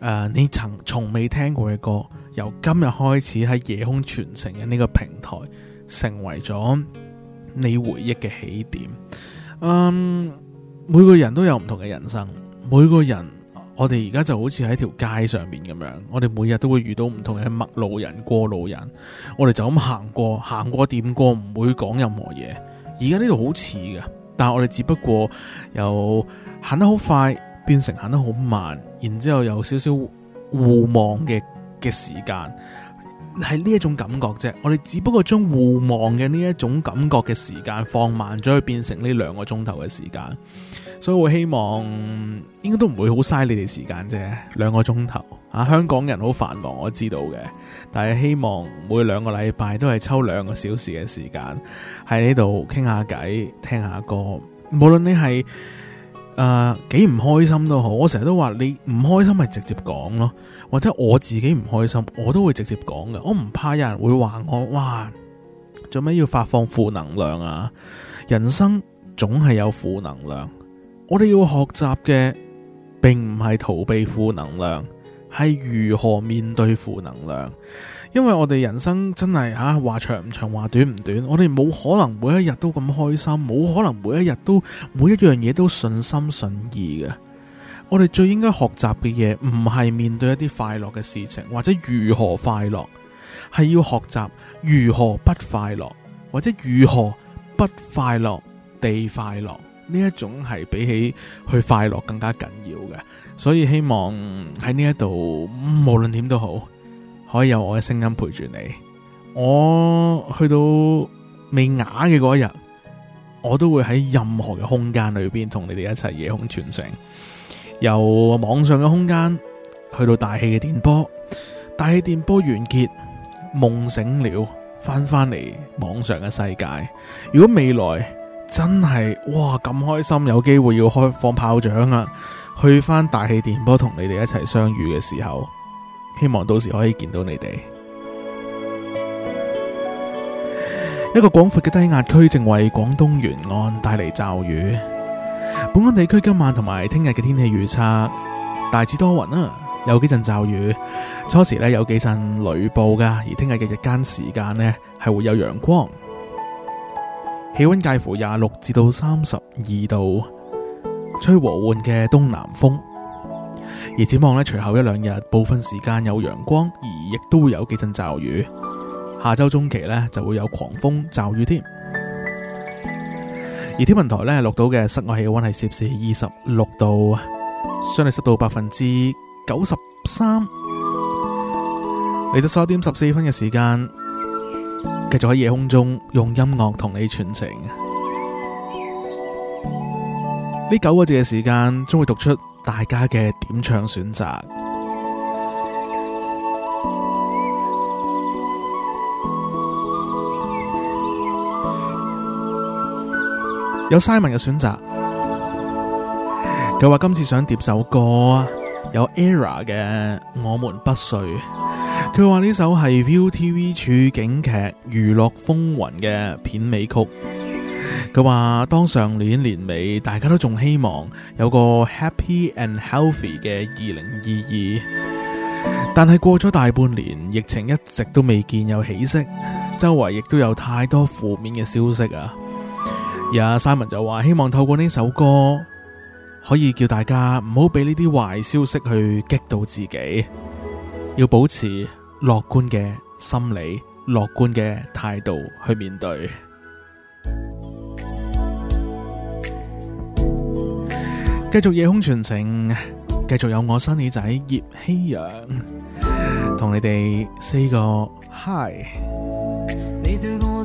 呃，你曾從未聽過嘅歌，由今日開始喺夜空傳情嘅呢個平台，成為咗你回憶嘅起點。嗯、呃，每個人都有唔同嘅人生，每個人。我哋而家就好似喺條街上面咁樣，我哋每日都會遇到唔同嘅陌路人、過路人，我哋就咁行過、行過、掂過，唔會講任何嘢。而家呢度好似㗎，但係我哋只不過由行得好快，變成行得好慢，然之後有少少互望嘅嘅時間。係呢一種感覺啫，我哋只不過將互望嘅呢一種感覺嘅時間放慢咗，去變成呢兩個鐘頭嘅時間。所以我希望應該都唔會好嘥你哋時間啫，兩個鐘頭啊！香港人好繁忙，我知道嘅，但係希望每兩個禮拜都係抽兩個小時嘅時間喺呢度傾下偈、聽下歌，無論你係誒幾唔開心都好，我成日都話你唔開心咪直接講咯。或者我自己唔開心，我都會直接講嘅。我唔怕有人會話我，哇，做咩要發放負能量啊？人生總係有負能量，我哋要學習嘅並唔係逃避負能量，係如何面對負能量。因為我哋人生真係吓、啊、話長唔長話短唔短，我哋冇可能每一日都咁開心，冇可能每一日都每一樣嘢都順心順意嘅。我哋最應該學習嘅嘢，唔係面對一啲快樂嘅事情，或者如何快樂，係要學習如何不快樂，或者如何不快樂地快樂。呢一種係比起去快樂更加緊要嘅。所以希望喺呢一度，無論點都好，可以有我嘅聲音陪住你。我去到未啞嘅嗰一日，我都會喺任何嘅空間裏邊同你哋一齊夜空傳情。由網上嘅空間去到大氣嘅電波，大氣電波完結，夢醒了，翻返嚟網上嘅世界。如果未來真係哇咁開心，有機會要開放炮仗啊，去翻大氣電波同你哋一齊相遇嘅時候，希望到時可以見到你哋。 (music) 一個廣闊嘅低壓區正為廣東沿岸帶嚟驟雨。本港地區今晚同埋聽日嘅天氣預測，大致多雲啦、啊，有幾陣驟雨，初時咧，有幾陣雷暴噶。而聽日嘅日間時間咧係會有陽光，氣溫介乎廿六至到三十二度，吹和緩嘅東南風，而展望咧隨後一兩日部分時間有陽光，而亦都會有幾陣驟雨，下週中期咧就會有狂風驟雨添。而天文台呢錄到嘅室外氣温係攝氏二十六度，相對濕度百分之九十三。嚟到十一點十四分嘅時間，繼續喺夜空中用音樂同你傳情。呢九個字嘅時間，將會讀出大家嘅點唱選擇。有 Simon 嘅選擇，佢話今次想疊首歌，有 Era 嘅《我們不睡》。佢話呢首係 ViuTV 處境劇《娛樂風雲》嘅片尾曲。佢話當上年年尾，大家都仲希望有個 happy and healthy 嘅二零二二，但係過咗大半年，疫情一直都未見有起色，周圍亦都有太多負面嘅消息啊！而阿 Simon 就話：希望透過呢首歌，可以叫大家唔好俾呢啲壞消息去激到自己，要保持樂觀嘅心理、樂觀嘅態度去面對。繼 (music) 續夜空傳情，繼續有我新仔仔葉希揚同你哋四個 hi。你對我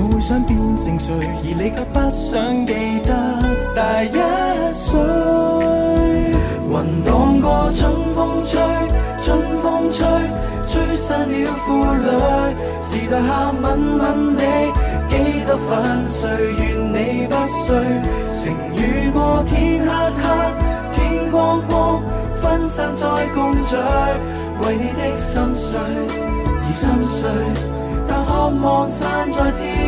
我會想變成誰，而你卻不想記得大一歲。雲蕩過春風吹，春風吹，吹散了負累。時代下吻吻你，幾多紛碎，願你不碎。晴雨過天黑黑，天光光，分散再共聚，為你的心碎而心碎。但渴望散在天。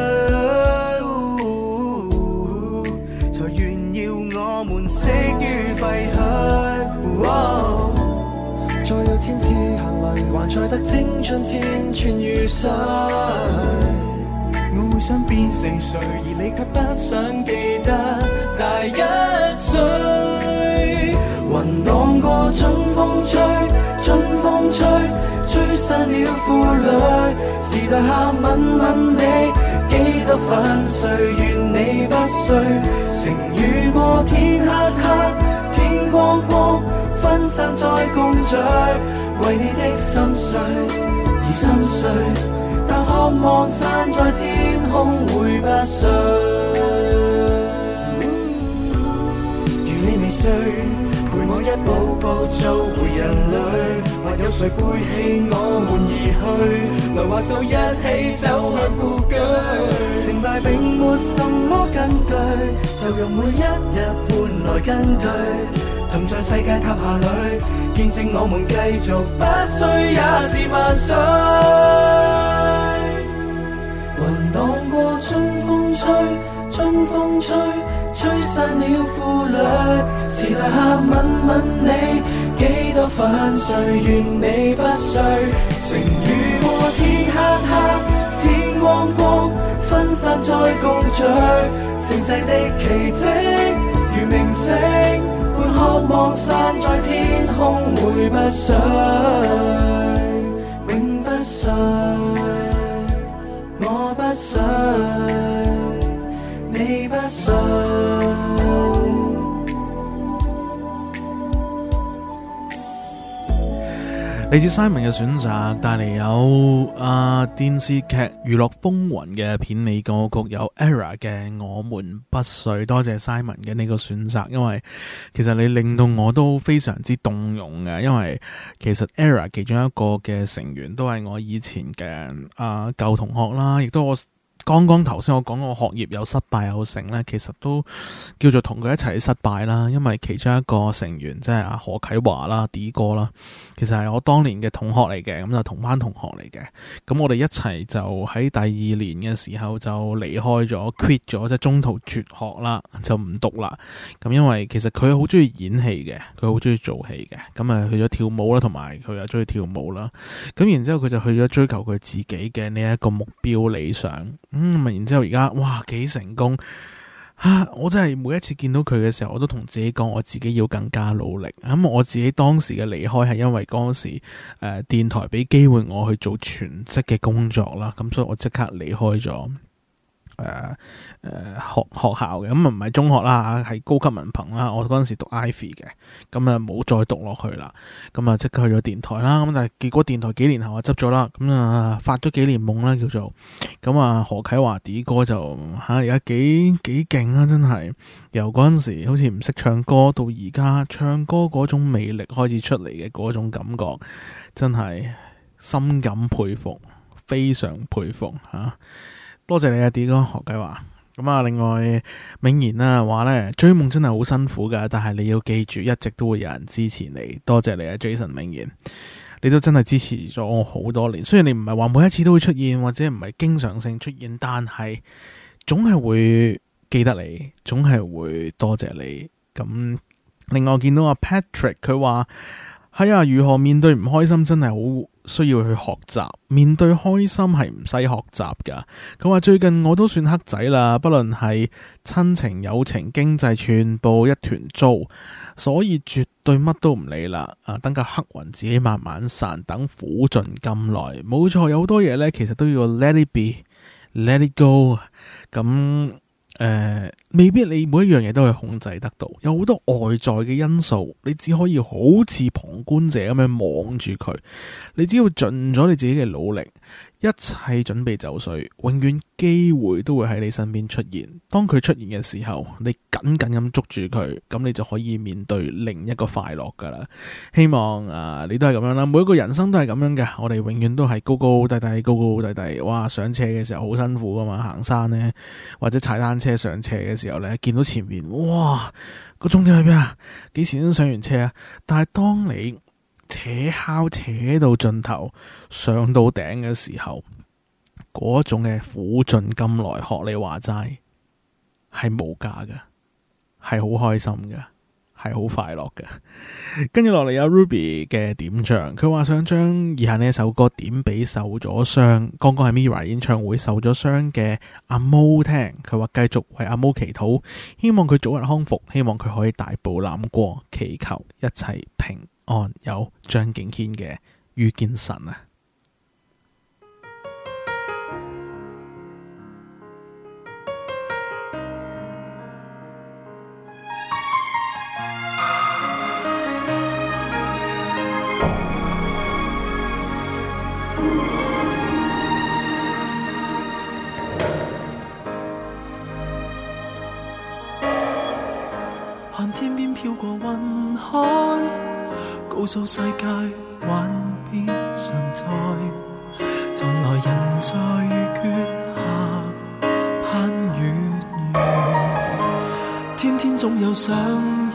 才得青春千串雨水，我會想變成誰，而你卻不想記得大一歲。雲蕩過，春風吹，春風吹，吹散了負累。時代下吻吻你，幾多粉碎，願你不碎。晴雨過天黑黑，天光光，分散再共聚。為你的心碎而心碎，但渴望散在天空會不碎。嗯，如你未睡，陪我一步步做回人類，還有誰背棄我們而去？留話數一起走向故居。成敗並沒什麼根據，就用每一日換來根據。同在世界塔下裏，見證我們繼續不衰也是萬歲。雲蕩 (noise) 過春風吹，春風吹吹散了負累。時待下吻吻你，幾多粉碎願你不碎。成雨過天黑黑，天光光，分散再共聚，盛世的奇蹟如明星。渴望散在天空，會不碎，永不碎。我不碎，你不碎。嚟自 Simon 嘅選擇帶嚟有啊、呃、電視劇《娛樂風雲》嘅片尾歌曲有 Era 嘅《我們不碎》，多謝 Simon 嘅呢個選擇，因為其實你令到我都非常之動容嘅，因為其實 Era 其中一個嘅成員都係我以前嘅啊、呃、舊同學啦，亦都我。剛剛頭先我講個學業有失敗有成咧，其實都叫做同佢一齊失敗啦，因為其中一個成員即係何啟華啦、D 哥啦，其實係我當年嘅同學嚟嘅，咁就同班同學嚟嘅。咁我哋一齊就喺第二年嘅時候就離開咗， (noise) quit 咗，即係中途輟學啦，就唔讀啦。咁因為其實佢好中意演戲嘅，佢好中意做戲嘅，咁啊去咗跳舞啦，同埋佢又中意跳舞啦。咁然之後佢就去咗追求佢自己嘅呢一個目標理想。嗯，咪然之後而家，哇，幾成功吓、啊！我真係每一次見到佢嘅時候，我都同自己講，我自己要更加努力。咁、啊、我自己當時嘅離開係因為嗰時誒、呃、電台畀機會我去做全職嘅工作啦，咁、啊、所以我即刻離開咗。誒誒、呃，學學校嘅咁咪唔係中學啦，係高級文憑啦。我嗰陣時讀 Ivy 嘅，咁啊冇再讀落去啦。咁啊即刻去咗電台啦。咁、嗯、但係結果電台幾年後啊執咗啦。咁、嗯、啊、嗯、發咗幾年夢啦，叫做咁啊、嗯、何啟華啲歌就吓而家幾幾勁啊！真係由嗰陣時好似唔識唱歌，到而家唱歌嗰種魅力開始出嚟嘅嗰種感覺，真係深感佩服，非常佩服吓。啊多謝你啊，D 哥學計劃。咁啊，另外，銘賢啊話咧，追夢真係好辛苦噶，但係你要記住，一直都會有人支持你。多謝你啊，Jason 銘賢，你都真係支持咗我好多年。雖然你唔係話每一次都會出現，或者唔係經常性出現，但係總係會記得你，總係會多謝你。咁，另外見到阿 Patrick 佢話，係、哎、啊，如何面對唔開心，真係好。需要去學習，面對開心係唔使學習噶。佢話最近我都算黑仔啦，不論係親情、友情、經濟，全部一團糟，所以絕對乜都唔理啦。啊，等個黑雲自己慢慢散，等苦盡甘來。冇錯，有好多嘢呢，其實都要個 let it be，let it go。咁。誒、呃，未必你每一樣嘢都可以控制得到，有好多外在嘅因素，你只可以好似旁觀者咁樣望住佢。你只要盡咗你自己嘅努力。一切準備就緒，永遠機會都會喺你身邊出現。當佢出現嘅時候，你緊緊咁捉住佢，咁你就可以面對另一個快樂噶啦。希望啊，你都係咁樣啦。每一個人生都係咁樣嘅。我哋永遠都係高高低低，高高低低。哇，上車嘅時候好辛苦噶嘛，行山呢，或者踩單車上斜嘅時候咧，見到前面，哇，個終點喺咩啊？幾時先上完車啊？但係當你，扯敲扯到盡頭，上到頂嘅時候，嗰種嘅苦盡甘來，學你話齋係無價嘅，係好開心嘅，係好快樂嘅。跟住落嚟有 Ruby 嘅點唱，佢話想將以下呢一首歌點俾受咗傷，剛剛係 Mira 演唱會受咗傷嘅阿 Mo 聽。佢話繼續為阿 Mo 祈禱，希望佢早日康復，希望佢可以大步攬過，祈求一切平.案、oh, 有張敬軒嘅遇見神啊，看 (music) 天邊飄過雲海。告訴世界幻變常在，從來人在月缺下盼月圓，天天總有上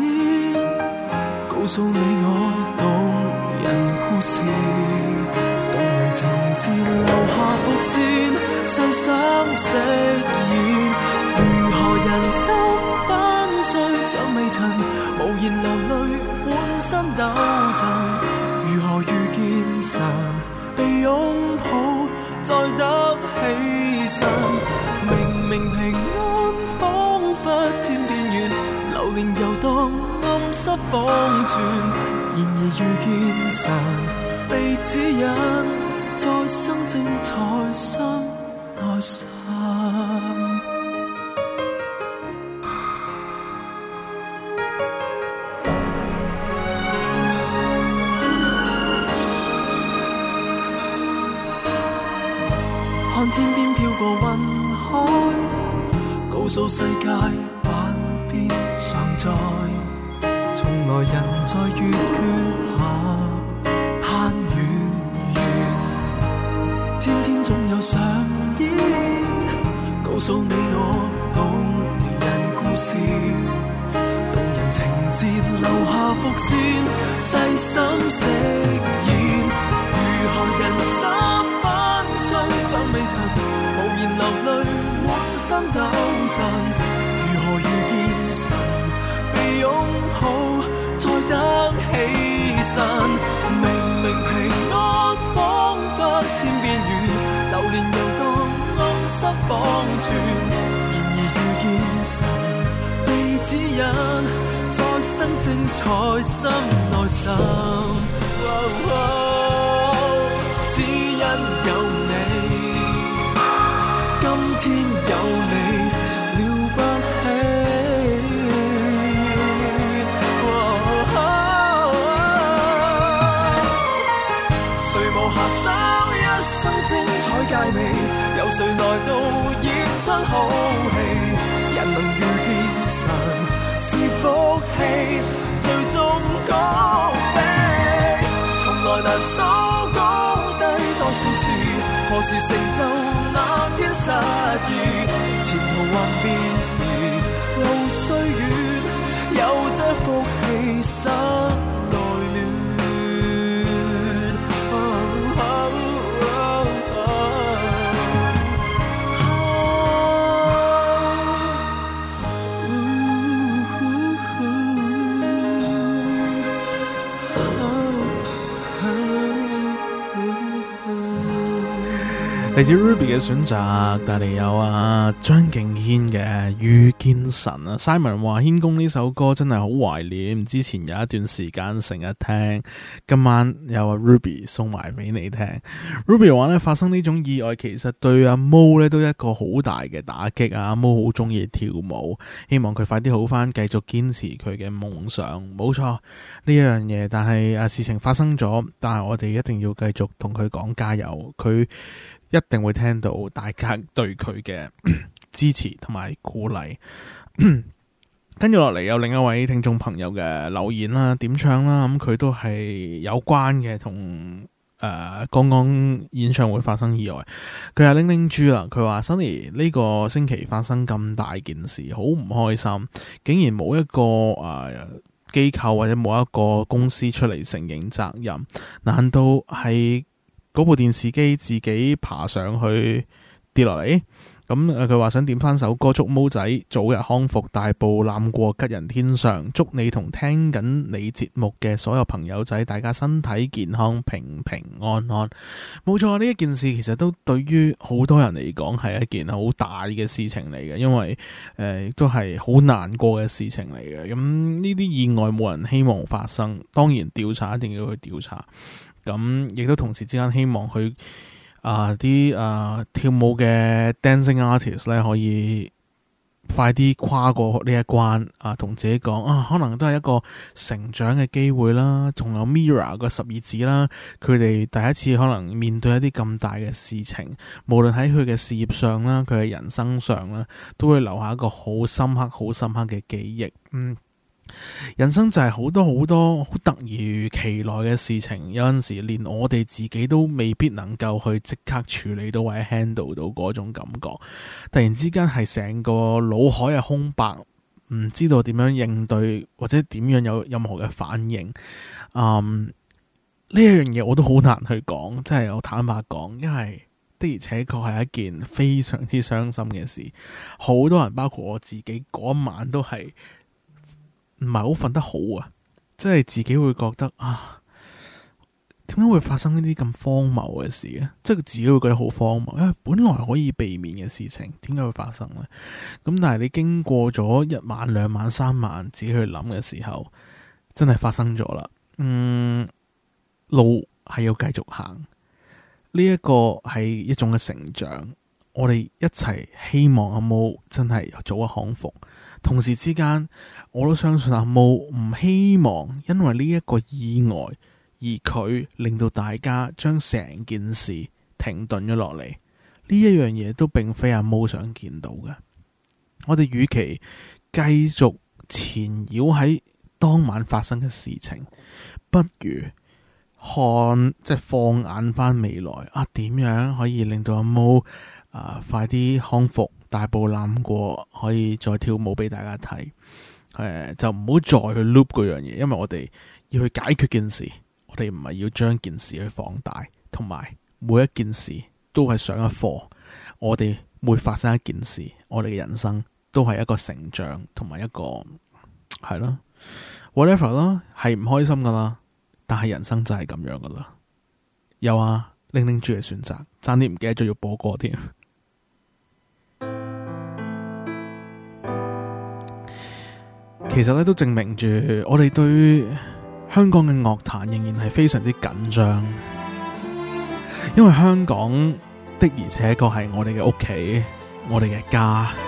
演。告訴你我動人故事，動人情節留下伏線，細心飾演，如何人生不？雖像未曾，無言流淚，滿身抖震。如何遇見神被擁抱，再得起身。明明平安，彷彿天邊遠，流連遊蕩，暗失方寸。然而遇見神被指引，再生精彩心內心。真抖震，如何遇見神被擁抱，再得起身。明明平安，仿佛天邊遠，連流連猶當暗失方寸。然而遇見神被指引，再生精彩心內心哦哦。只因有你。今天有你了不起。誰、哦啊、無下手，一生精彩佳味。有誰來導演出好戲？人能遇見神是福氣，最終高飛。從來難守高低多少次，何時成就？那天失意，前途幻變時，路雖遠，有這福氣心。嚟自 Ruby 嘅選擇，帶嚟有啊張敬軒嘅遇見神啊 Simon 話軒公呢首歌真係好懷念，之前有一段時間成日聽，今晚又阿、啊、Ruby 送埋俾你聽。Ruby 話呢發生呢種意外，其實對阿、啊、Mo 呢都一個好大嘅打擊啊！Mo 好中意跳舞，希望佢快啲好翻，繼續堅持佢嘅夢想。冇錯呢樣嘢，但係啊事情發生咗，但係我哋一定要繼續同佢講加油，佢。一定會聽到大家對佢嘅 (coughs) 支持同埋鼓勵。 (coughs) 跟住落嚟有另一位聽眾朋友嘅留言啦、啊，點唱啦，咁佢都係有關嘅，同誒剛剛演唱會發生意外。佢阿鈴鈴豬啦，佢話 Sunny 呢個星期發生咁大件事，好唔開心，竟然冇一個誒機、呃、構或者冇一個公司出嚟承認責任，難道係？嗰部電視機自己爬上去跌落嚟，咁誒佢話想點返首歌，祝毛仔早日康復，大步攬過吉人天上，祝你同聽緊你節目嘅所有朋友仔，大家身體健康，平平安安。冇錯，呢一件事其實都對於好多人嚟講係一件好大嘅事情嚟嘅，因為誒、呃、都係好難過嘅事情嚟嘅。咁呢啲意外冇人希望發生，當然調查一定要去調查。咁亦都同時之間，希望佢啊啲啊跳舞嘅 dancing artist 咧，可以快啲跨過呢一關啊，同、呃、自己講啊，可能都係一個成長嘅機會啦。仲有 Mirror 嘅十二子啦，佢哋第一次可能面對一啲咁大嘅事情，無論喺佢嘅事業上啦，佢嘅人生上啦，都會留下一個好深刻、好深刻嘅記憶。嗯。人生就係好多好多好突如其來嘅事情，有陣時連我哋自己都未必能夠去即刻處理到或者 handle 到嗰種感覺。突然之間係成個腦海嘅空白，唔知道點樣應對或者點樣有任何嘅反應。嗯，呢一樣嘢我都好難去講，真係我坦白講，因為的而且確係一件非常之傷心嘅事。好多人包括我自己嗰晚都係。唔係好瞓得好啊，即係自己會覺得啊，點解會發生呢啲咁荒謬嘅事咧？即係自己會覺得好荒謬，因為本來可以避免嘅事情，點解會發生呢？咁但係你經過咗一晚、兩晚、三晚，自己去諗嘅時候，真係發生咗啦。嗯，路係要繼續行，呢一個係一種嘅成長。我哋一齊希望阿 Mo 真係早日康復。同時之間，我都相信阿 Mo 唔希望因為呢一個意外而佢令到大家將成件事停頓咗落嚟。呢一樣嘢都並非阿 Mo 想見到嘅。我哋與其繼續纏繞喺當晚發生嘅事情，不如看即係放眼翻未來，啊，點樣可以令到阿 Mo 啊快啲康復。大步攬過，可以再跳舞俾大家睇。誒、嗯，就唔好再去 loop 嗰樣嘢，因為我哋要去解決件事。我哋唔係要將件事去放大，同埋每一件事都係上一課。我哋每發生一件事，我哋嘅人生都係一個成長，同埋一個係咯。whatever 啦，係唔開心噶啦，但係人生就係咁樣噶啦。有啊，拎拎住嘅選擇，爭啲唔記得咗要播歌添。 (laughs) 其實呢都證明住，我哋對於香港嘅樂壇仍然係非常之緊張，因為香港的而且確係我哋嘅屋企，我哋嘅家。 (music)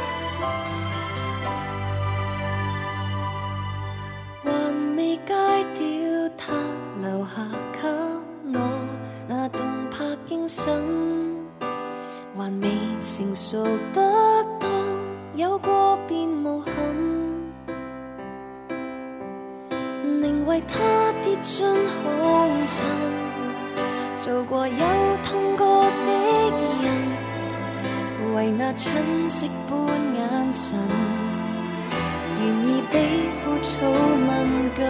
為他跌進紅塵，做過有痛過的人，為那春色般眼神，願意的枯草問久，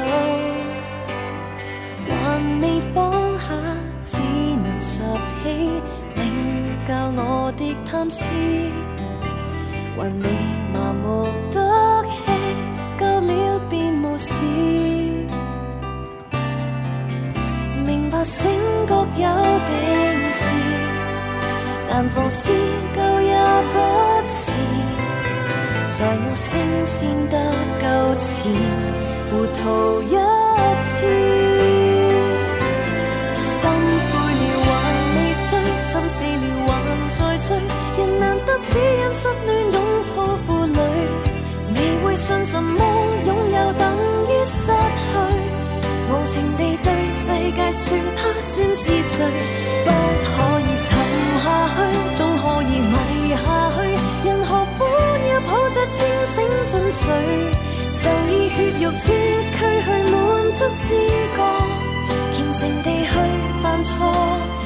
還未放下，只能拾起，領教我的貪痴，還未麻木得。我醒覺有定時，但放肆夠也不遲。在我昇仙得夠前，糊塗一次。心灰了還未碎，心死了還在追。人難得只因失戀擁抱負累，未會信什麼擁有等。世界說他算是誰？不可以沉下去，總可以迷下去。人何苦要抱着清醒進睡？就以血肉之軀去滿足知覺，虔誠地去犯錯。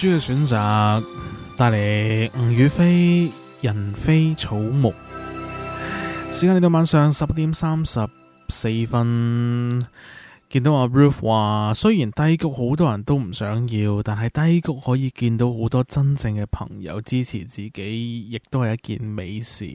主要選擇帶嚟吳雨霏「人非草木」，時間嚟到晚上十點三十四分。見到阿 Ruth 話，雖然低谷好多人都唔想要，但係低谷可以見到好多真正嘅朋友支持自己，亦都係一件美事。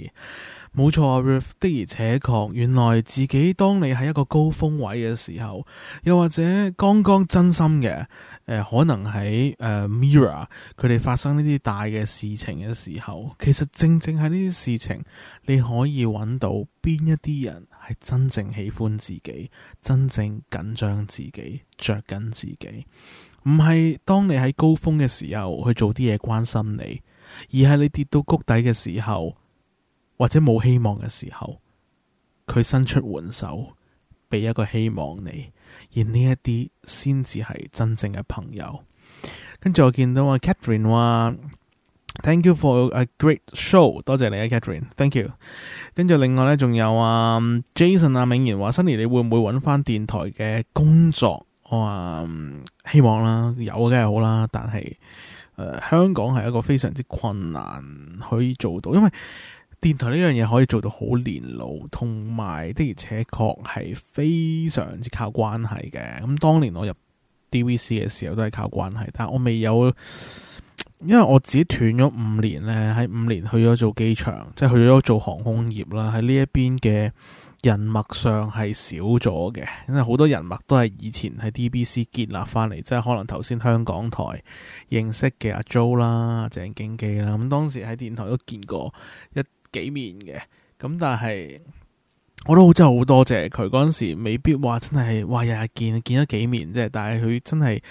冇錯，阿 Ruth 的而且確，原來自己當你喺一個高峰位嘅時候，又或者剛剛真心嘅、呃，可能喺 Mirror 佢哋發生呢啲大嘅事情嘅時候，其實正正係呢啲事情，你可以揾到邊一啲人。係真正喜歡自己，真正緊張自己，着緊自己，唔係當你喺高峰嘅時候去做啲嘢關心你，而係你跌到谷底嘅時候，或者冇希望嘅時候，佢伸出援手，俾一個希望你，而呢一啲先至係真正嘅朋友。跟住我見到阿 Catherine 話。Thank you for a great show，多謝你啊，Catherine。Thank you。跟住另外呢，仲有啊，Jason 啊，永言話 Sunny 你會唔會揾返電台嘅工作？我話希望啦，有梗係好啦，但係、呃、香港係一個非常之困難可以做到，因為電台呢樣嘢可以做到好連老，同埋的而且確係非常之靠關係嘅。咁當年我入 DVC 嘅時候都係靠關係，但我未有。因為我自己斷咗五年咧，喺五年去咗做機場，即係去咗做航空業啦。喺呢一邊嘅人脈上係少咗嘅，因為好多人脈都係以前喺 DBC 建立翻嚟，即係可能頭先香港台認識嘅阿 Joe 啦、啊、鄭敬基啦，咁當時喺電台都見過一幾面嘅。咁但係我都好真係好多謝佢嗰陣時，未必話真係話日日見見咗幾面啫，但係佢真係。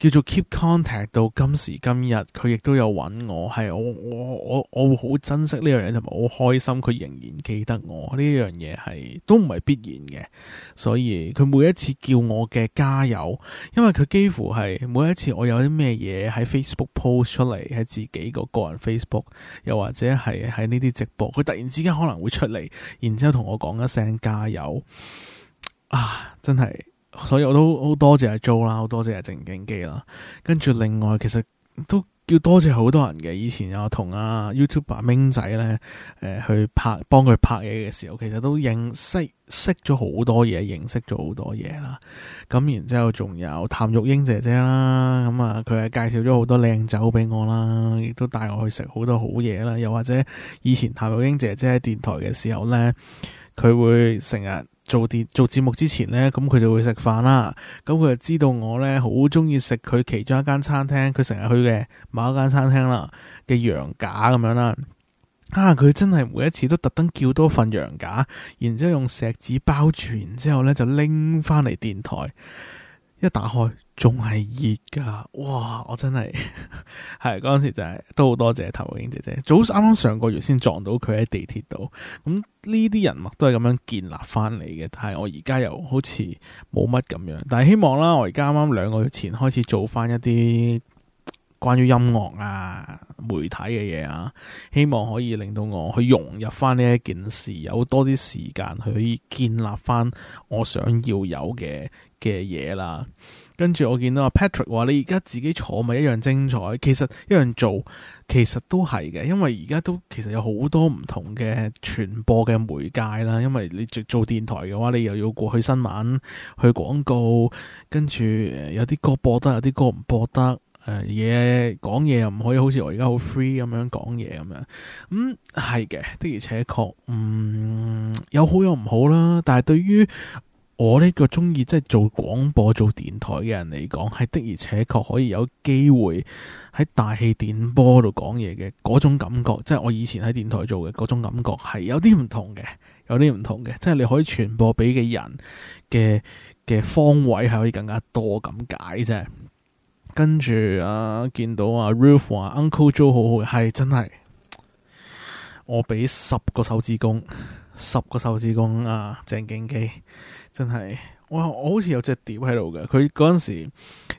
叫做 keep contact 到今時今日，佢亦都有揾我，係我我我我會好珍惜呢樣嘢，同埋好開心佢仍然記得我呢樣嘢係都唔係必然嘅，所以佢每一次叫我嘅加油，因為佢幾乎係每一次我有啲咩嘢喺 Facebook post 出嚟喺自己個個人 Facebook，又或者係喺呢啲直播，佢突然之間可能會出嚟，然之後同我講一聲加油啊！真係～所以我都好多謝阿 Jo 啦，好多謝阿鄭敬基啦。跟住另外，其實都要多謝好多人嘅。以前有同阿 YouTube 阿 Ming 仔咧，誒、呃、去拍幫佢拍嘢嘅時候，其實都認識識咗好多嘢，認識咗好多嘢啦。咁然之後仲有譚玉英姐姐啦，咁啊佢係介紹咗好多靚酒俾我啦，亦都帶我去食好多好嘢啦。又或者以前譚玉英姐姐喺電台嘅時候咧，佢會成日。做電做節目之前呢，咁佢就會食飯啦。咁佢就知道我呢好中意食佢其中一間餐廳，佢成日去嘅某一間餐廳啦嘅羊架咁樣啦。啊，佢真係每一次都特登叫多份羊架，然之後用錫紙包住，然之後咧就拎返嚟電台。一打開仲係熱噶，哇！我真係係嗰陣時就係都好多謝頭影姐姐，早啱啱上個月先撞到佢喺地鐵度。咁呢啲人脈都係咁樣建立翻嚟嘅，但係我而家又好似冇乜咁樣。但係希望啦，我而家啱啱兩個月前開始做翻一啲關於音樂啊、媒體嘅嘢啊，希望可以令到我去融入翻呢一件事，有多啲時間去建立翻我想要有嘅嘅嘢啦，跟住我見到阿 Patrick 話：你而家自己坐咪一樣精彩，其實一樣做，其實都係嘅。因為而家都其實有好多唔同嘅傳播嘅媒介啦。因為你做做電台嘅話，你又要過去新聞、去廣告，跟住有啲歌播得，有啲歌唔播得。誒、呃，嘢講嘢又唔可以好似我而家好 free 咁樣講嘢咁樣。咁係嘅，的而且確，嗯，有好有唔好啦。但係對於。我呢個中意即係做廣播做電台嘅人嚟講，係的而且確可以有機會喺大氣電波度講嘢嘅嗰種感覺，即係我以前喺電台做嘅嗰種感覺係有啲唔同嘅，有啲唔同嘅，即係你可以傳播俾嘅人嘅嘅方位係可以更加多咁解啫。跟住啊，見到啊 Ralph 啊 Uncle Joe 好好嘅係真係，我俾十個手指公，十個手指公啊，鄭敬基。真係，我我好似有隻碟喺度嘅。佢嗰陣時，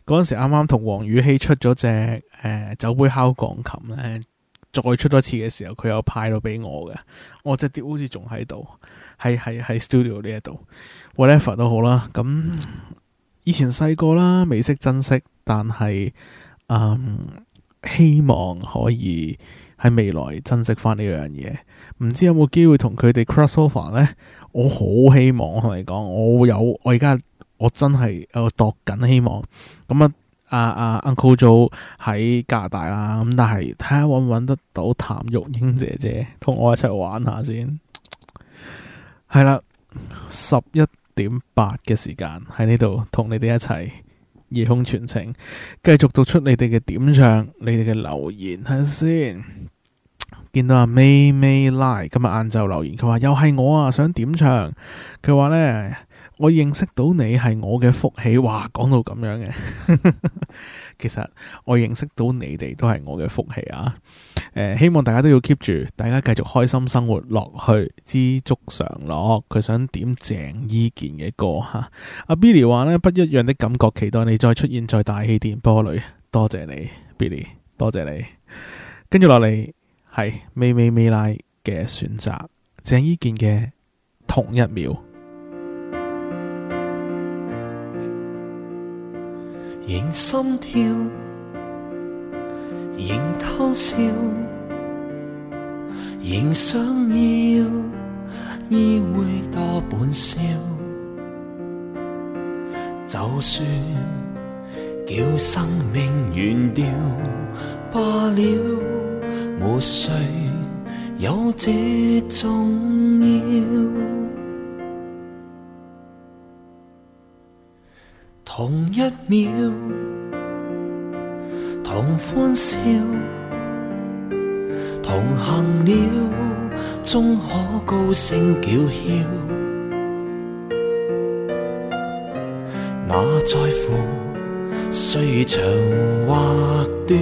嗰陣時啱啱同黃宇希出咗隻誒酒杯敲鋼琴咧、呃，再出多次嘅時候，佢又派到俾我嘅。我隻碟好似仲喺度，係係喺 studio 呢一度，whatever 都好啦。咁以前細個啦，未識珍惜，但係嗯、呃、希望可以喺未來珍惜翻呢樣嘢。唔知有冇機會同佢哋 cross over 咧？我好希望我同你講，我有我而家我真係度緊希望咁、嗯、啊！阿、啊、阿 Uncle Joe 喺加拿大啦，咁但係睇下搵唔搵得到譚玉英姐姐同我一齊玩一下先。係啦，十一點八嘅時間喺呢度同你哋一齊夜空傳情繼續讀出你哋嘅點唱，你哋嘅留言睇先。見到阿、啊、May May Live 今日晏晝留言，佢話，又係我啊，想點唱。佢話呢，我認識到你係我嘅福氣，哇，講到咁樣嘅，其實我認識到你哋都係我嘅福氣啊、呃。希望大家都要 keep 住，大家繼續開心生活落去，知足常樂。佢想點鄭伊健嘅歌吓。阿、啊、Billy 話呢，「不一樣的感覺，期待你再出現在大氣電波裏。」多謝你 Billy，多謝你。跟住落嚟。係美美美拉嘅選擇，鄭伊健嘅同一秒。仍心跳，仍偷笑，仍想要依偎多半宵，就算叫生命完掉，罷了。沒誰有這重要，同一秒，同歡笑，同行了，終可高聲叫囂。哪在乎歲月長或短？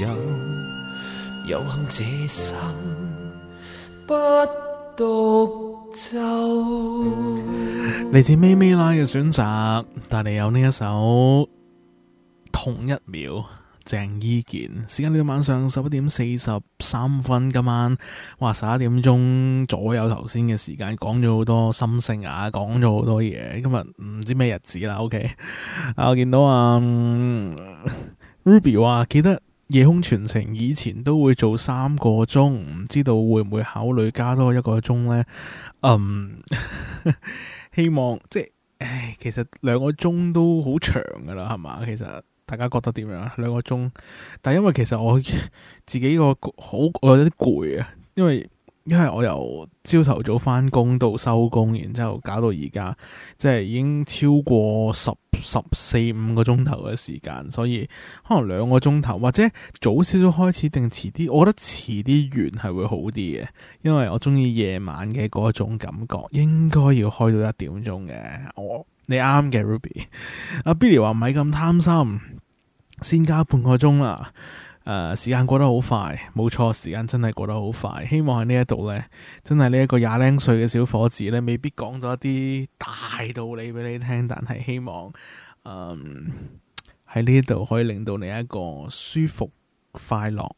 有，有幸這生不獨奏。嚟自咪咪拉嘅選擇，帶你有呢一首同一秒。鄭伊健。時間嚟到晚上十一點四十三分，今晚哇十一點鐘左右。頭先嘅時間講咗好多心聲啊，講咗好多嘢。今日唔知咩日子啦。OK，啊我見到啊、嗯、Ruby 話記得。夜空傳情以前都會做三個鐘，唔知道會唔會考慮加多一個鐘呢？嗯、um, (laughs) 希望即係，其實兩個鐘都好長噶啦，係嘛？其實大家覺得點樣兩個鐘？但因為其實我自己個好有啲攰啊，因為。因為我由朝頭早翻工到收工，然之後搞到而家，即係已經超過十十四五個鐘頭嘅時間，所以可能兩個鐘頭或者早少少開始定遲啲，我覺得遲啲完係會好啲嘅，因為我中意夜晚嘅嗰種感覺。應該要開到一點鐘嘅，我、哦、你啱嘅 Ruby，阿、啊、Billy 話咪咁貪心，先加半個鐘啦。誒、呃，時間過得好快，冇錯，時間真係過得好快。希望喺呢一度咧，真係呢一個廿零歲嘅小伙子咧，未必講咗一啲大道理俾你聽，但係希望，嗯、呃，喺呢度可以令到你一個舒服快樂、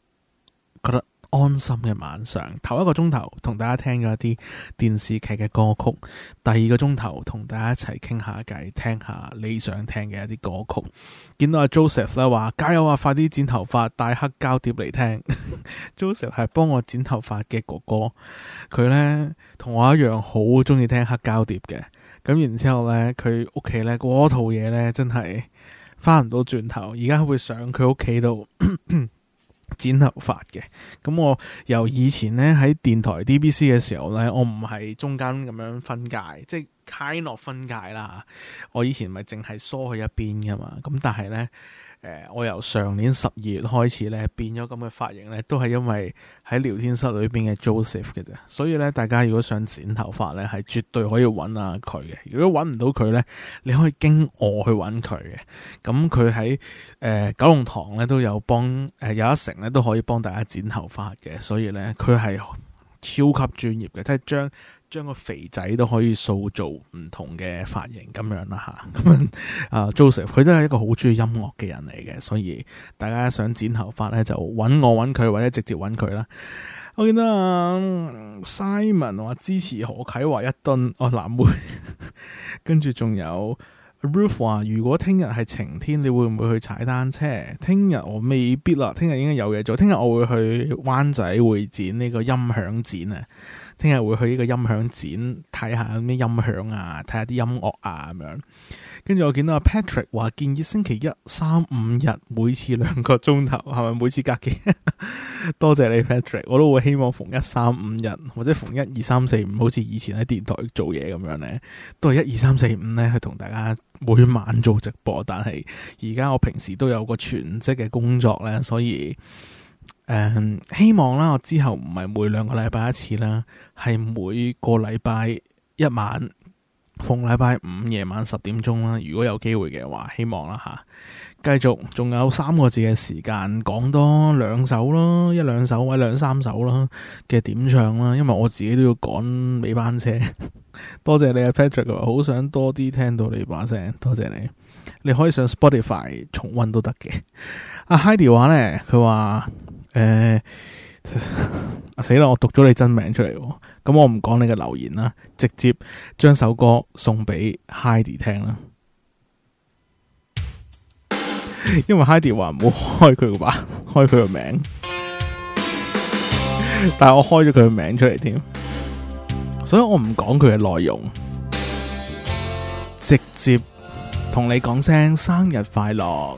快樂。覺得。安心嘅晚上，頭一個鐘頭同大家聽咗一啲電視劇嘅歌曲，第二個鐘頭同大家一齊傾下偈，聽下你想聽嘅一啲歌曲。見到阿 Joseph 咧話，加油啊，快啲剪頭髮，帶黑膠碟嚟聽。 (laughs) Joseph 係幫我剪頭髮嘅哥哥，佢呢同我一樣好中意聽黑膠碟嘅。咁然之後呢，佢屋企呢嗰、那個、套嘢呢真係翻唔到轉頭，而家會上佢屋企度。 (coughs) 剪頭髮嘅，咁我由以前咧喺電台 DBC 嘅時候咧，我唔係中間咁樣分界，即係開落分界啦。我以前咪淨係梳去一邊噶嘛，咁但係咧。誒、呃，我由上年十二月開始咧變咗咁嘅髮型咧，都係因為喺聊天室裏邊嘅 Joseph 嘅啫。所以咧，大家如果想剪頭髮咧，係絕對可以搵下佢嘅。如果搵唔到佢咧，你可以經我去搵佢嘅。咁佢喺誒九龍塘咧都有幫誒、呃、有一成咧都可以幫大家剪頭髮嘅。所以咧，佢係超級專業嘅，即係將。將個肥仔都可以塑造唔同嘅髮型咁樣啦吓，咁啊 Joseph 佢都係一個好中意音樂嘅人嚟嘅，所以大家想剪頭髮咧就揾我揾佢或者直接揾佢啦。我見到、啊、Simon 話支持何啟華一頓哦，藍、啊、妹，跟住仲有 Ruth 話如果聽日係晴天，你會唔會去踩單車？聽日我未必啦，聽日應該有嘢做。聽日我會去灣仔會展呢個音響展啊。聽日會去呢個音響展睇下有咩音響啊，睇下啲音樂啊咁樣。跟住我見到阿 Patrick 話建議星期一三五日每次兩個鐘頭，係咪每次隔幾？ (laughs) 多謝你 Patrick，我都會希望逢一三五日或者逢一二三四五，好似以前喺電台做嘢咁樣咧，都係一二三四五咧，去同大家每晚做直播。但係而家我平時都有個全職嘅工作咧，所以。嗯、希望啦，我之後唔係每兩個禮拜一次啦，係每個禮拜一晚，逢禮拜五夜晚十點鐘啦。如果有機會嘅話，希望啦吓，啊、繼續仲有三個字嘅時間，講多兩首咯，一兩首或者兩三首咯嘅點唱啦。因為我自己都要趕尾班車。 (laughs) 多謝你啊 Patrick，好想多啲聽到你把聲，多謝你。你可以上 Spotify 重溫都得嘅。阿、啊、Heidi 話呢佢話。誒，死啦、呃！ (laughs) 我讀咗你真名出嚟，咁我唔講你嘅留言啦，直接將首歌送俾 Heidi 聽啦。 (laughs) 因為 Heidi 話唔好開佢嘅，開佢個名， (laughs) 但係我開咗佢嘅名出嚟添，所以我唔講佢嘅內容，直接同你講聲生日快樂。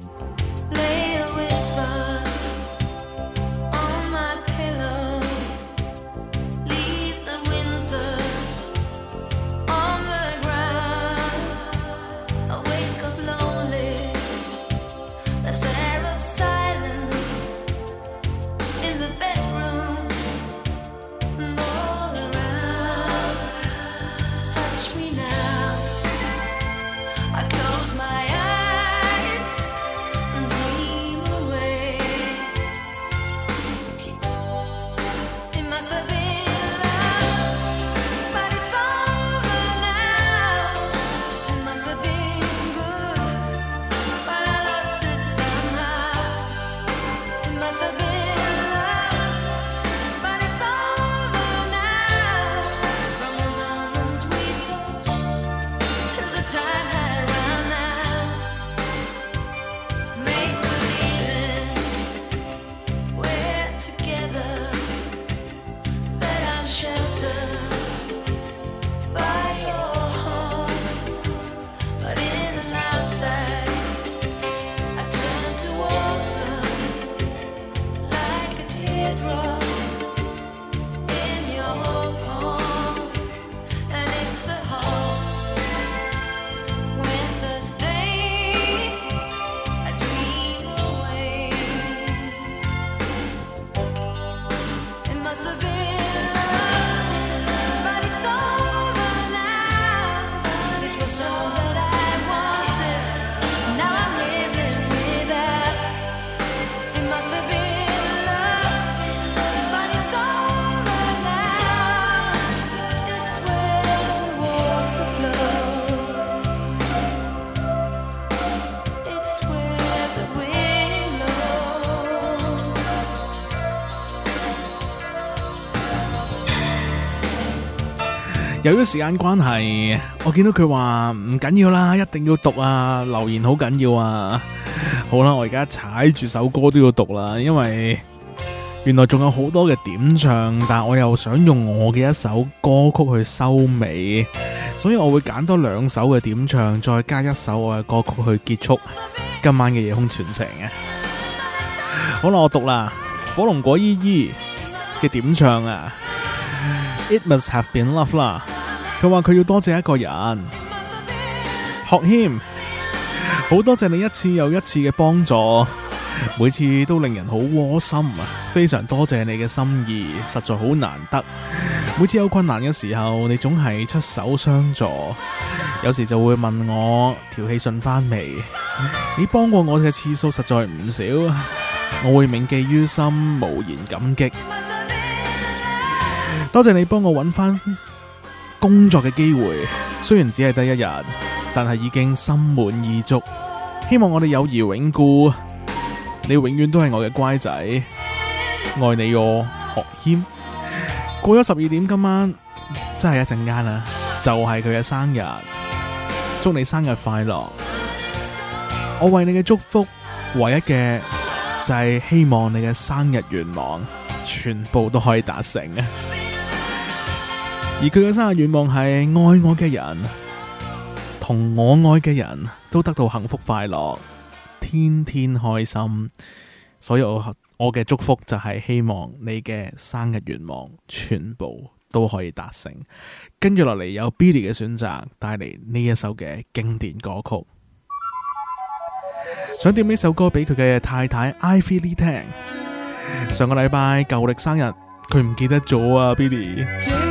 由於時間關係，我見到佢話唔緊要啦，一定要讀啊，留言好緊要啊。 (laughs) 好啦，我而家踩住首歌都要讀啦，因為原來仲有好多嘅點唱，但我又想用我嘅一首歌曲去收尾，所以我會揀多兩首嘅點唱，再加一首我嘅歌曲去結束今晚嘅夜空傳情嘅、啊。 (laughs) 好啦，我讀啦，《火龍果依依》嘅點唱啊。It must have been love 啦。佢話佢要多謝一個人，學謙，好多謝你一次又一次嘅幫助，每次都令人好窩心啊！非常多謝你嘅心意，實在好難得。每次有困難嘅時候，你總係出手相助，有時就會問我條氣順翻未？你幫過我嘅次數實在唔少，我會銘記於心，無言感激。多謝你幫我揾返工作嘅機會，雖然只係得一日，但係已經心滿意足。希望我哋友誼永固，你永遠都係我嘅乖仔，愛你哦，學謙。過咗十二點今晚，真係一陣間啦，就係佢嘅生日，祝你生日快樂！我為你嘅祝福，唯一嘅就係、是、希望你嘅生日願望全部都可以達成啊！而佢嘅生日願望係愛我嘅人同我愛嘅人都得到幸福快樂，天天開心。所以我我嘅祝福就係希望你嘅生日願望全部都可以達成。跟住落嚟有 Billy 嘅選擇，帶嚟呢一首嘅經典歌曲。 (music) 想點呢首歌俾佢嘅太太 Ivy 聽？I really、 (music) 上個禮拜舊曆生日佢唔記得咗啊，Billy。 (music)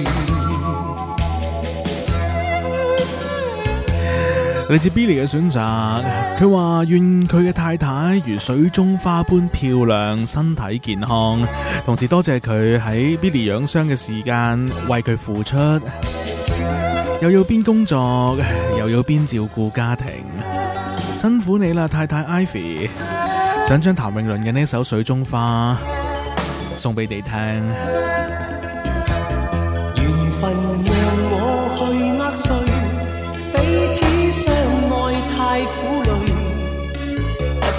嚟自 Billy 嘅選擇，佢話願佢嘅太太如水中花般漂亮，身體健康。同時多謝佢喺 Billy 養傷嘅時間為佢付出，又要邊工作，又要邊照顧家庭，辛苦你啦，太太 Ivy。想將譚詠麟嘅呢首《水中花》送俾你聽。緣分。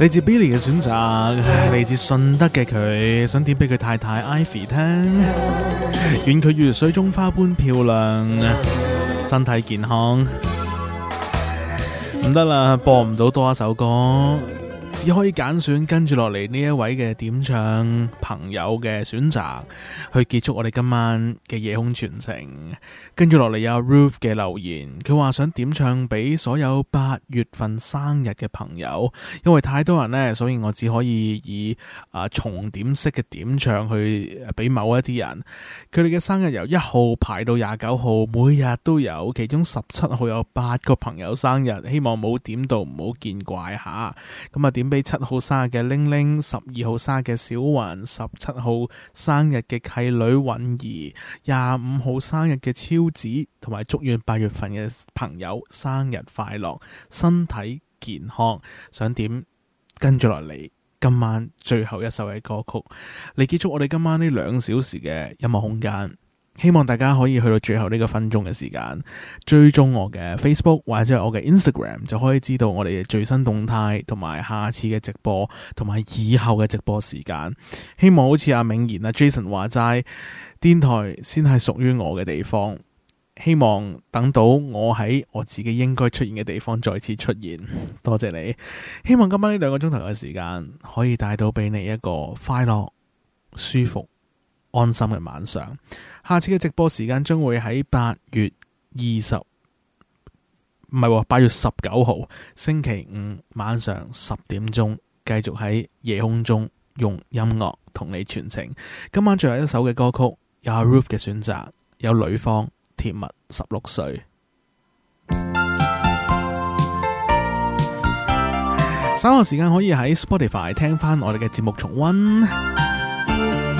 嚟自 Billy 嘅選擇，嚟自順德嘅佢想點俾佢太太 Ivy 聽？願佢如水中花般漂亮，身體健康。唔得啦，播唔到多一首歌。只可以揀選跟住落嚟呢一位嘅點唱朋友嘅選擇去結束我哋今晚嘅夜空傳情。跟住落嚟有 Roof 嘅留言，佢話想點唱俾所有八月份生日嘅朋友，因為太多人咧，所以我只可以以啊、呃、重點式嘅點唱去俾某一啲人。佢哋嘅生日由一號排到廿九號，每日都有，其中十七號有八個朋友生日，希望冇點到唔好見怪吓，咁啊點俾七號生日嘅玲玲，十二號生日嘅小雲，十七號生日嘅契女允兒，廿五號生日嘅超子，同埋祝願八月份嘅朋友生日快樂，身體健康。想點跟住落嚟今晚最後一首嘅歌曲嚟結束我哋今晚呢兩小時嘅音樂空間。希望大家可以去到最後呢個分鐘嘅時間追蹤我嘅 Facebook 或者我嘅 Instagram，就可以知道我哋嘅最新動態同埋下次嘅直播同埋以，以後嘅直播時間。希望好似阿銘賢啦，Jason 話齋電台先係屬於我嘅地方。希望等到我喺我自己應該出現嘅地方再次出現。多謝你，希望今晚呢兩個鐘頭嘅時間可以帶到俾你一個快樂、舒服、安心嘅晚上。下次嘅直播時間將會喺八月二十，唔係喎，八月十九號星期五晚上十點鐘，繼續喺夜空中用音樂同你傳情。今晚最後一首嘅歌曲有阿 Roof 嘅選擇，有女方甜蜜十六歲。稍後時間可以喺 Spotify 聽翻我哋嘅節目重温。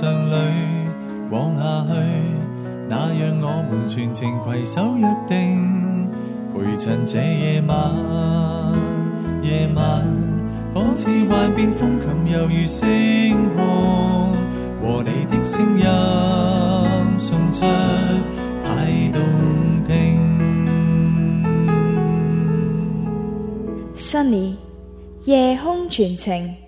上里往下去，那讓我們全程攜手約定，陪襯這夜晚。夜晚仿似幻變，風琴猶如星河，和你的聲音，送出太動聽。Sunny 夜空傳情。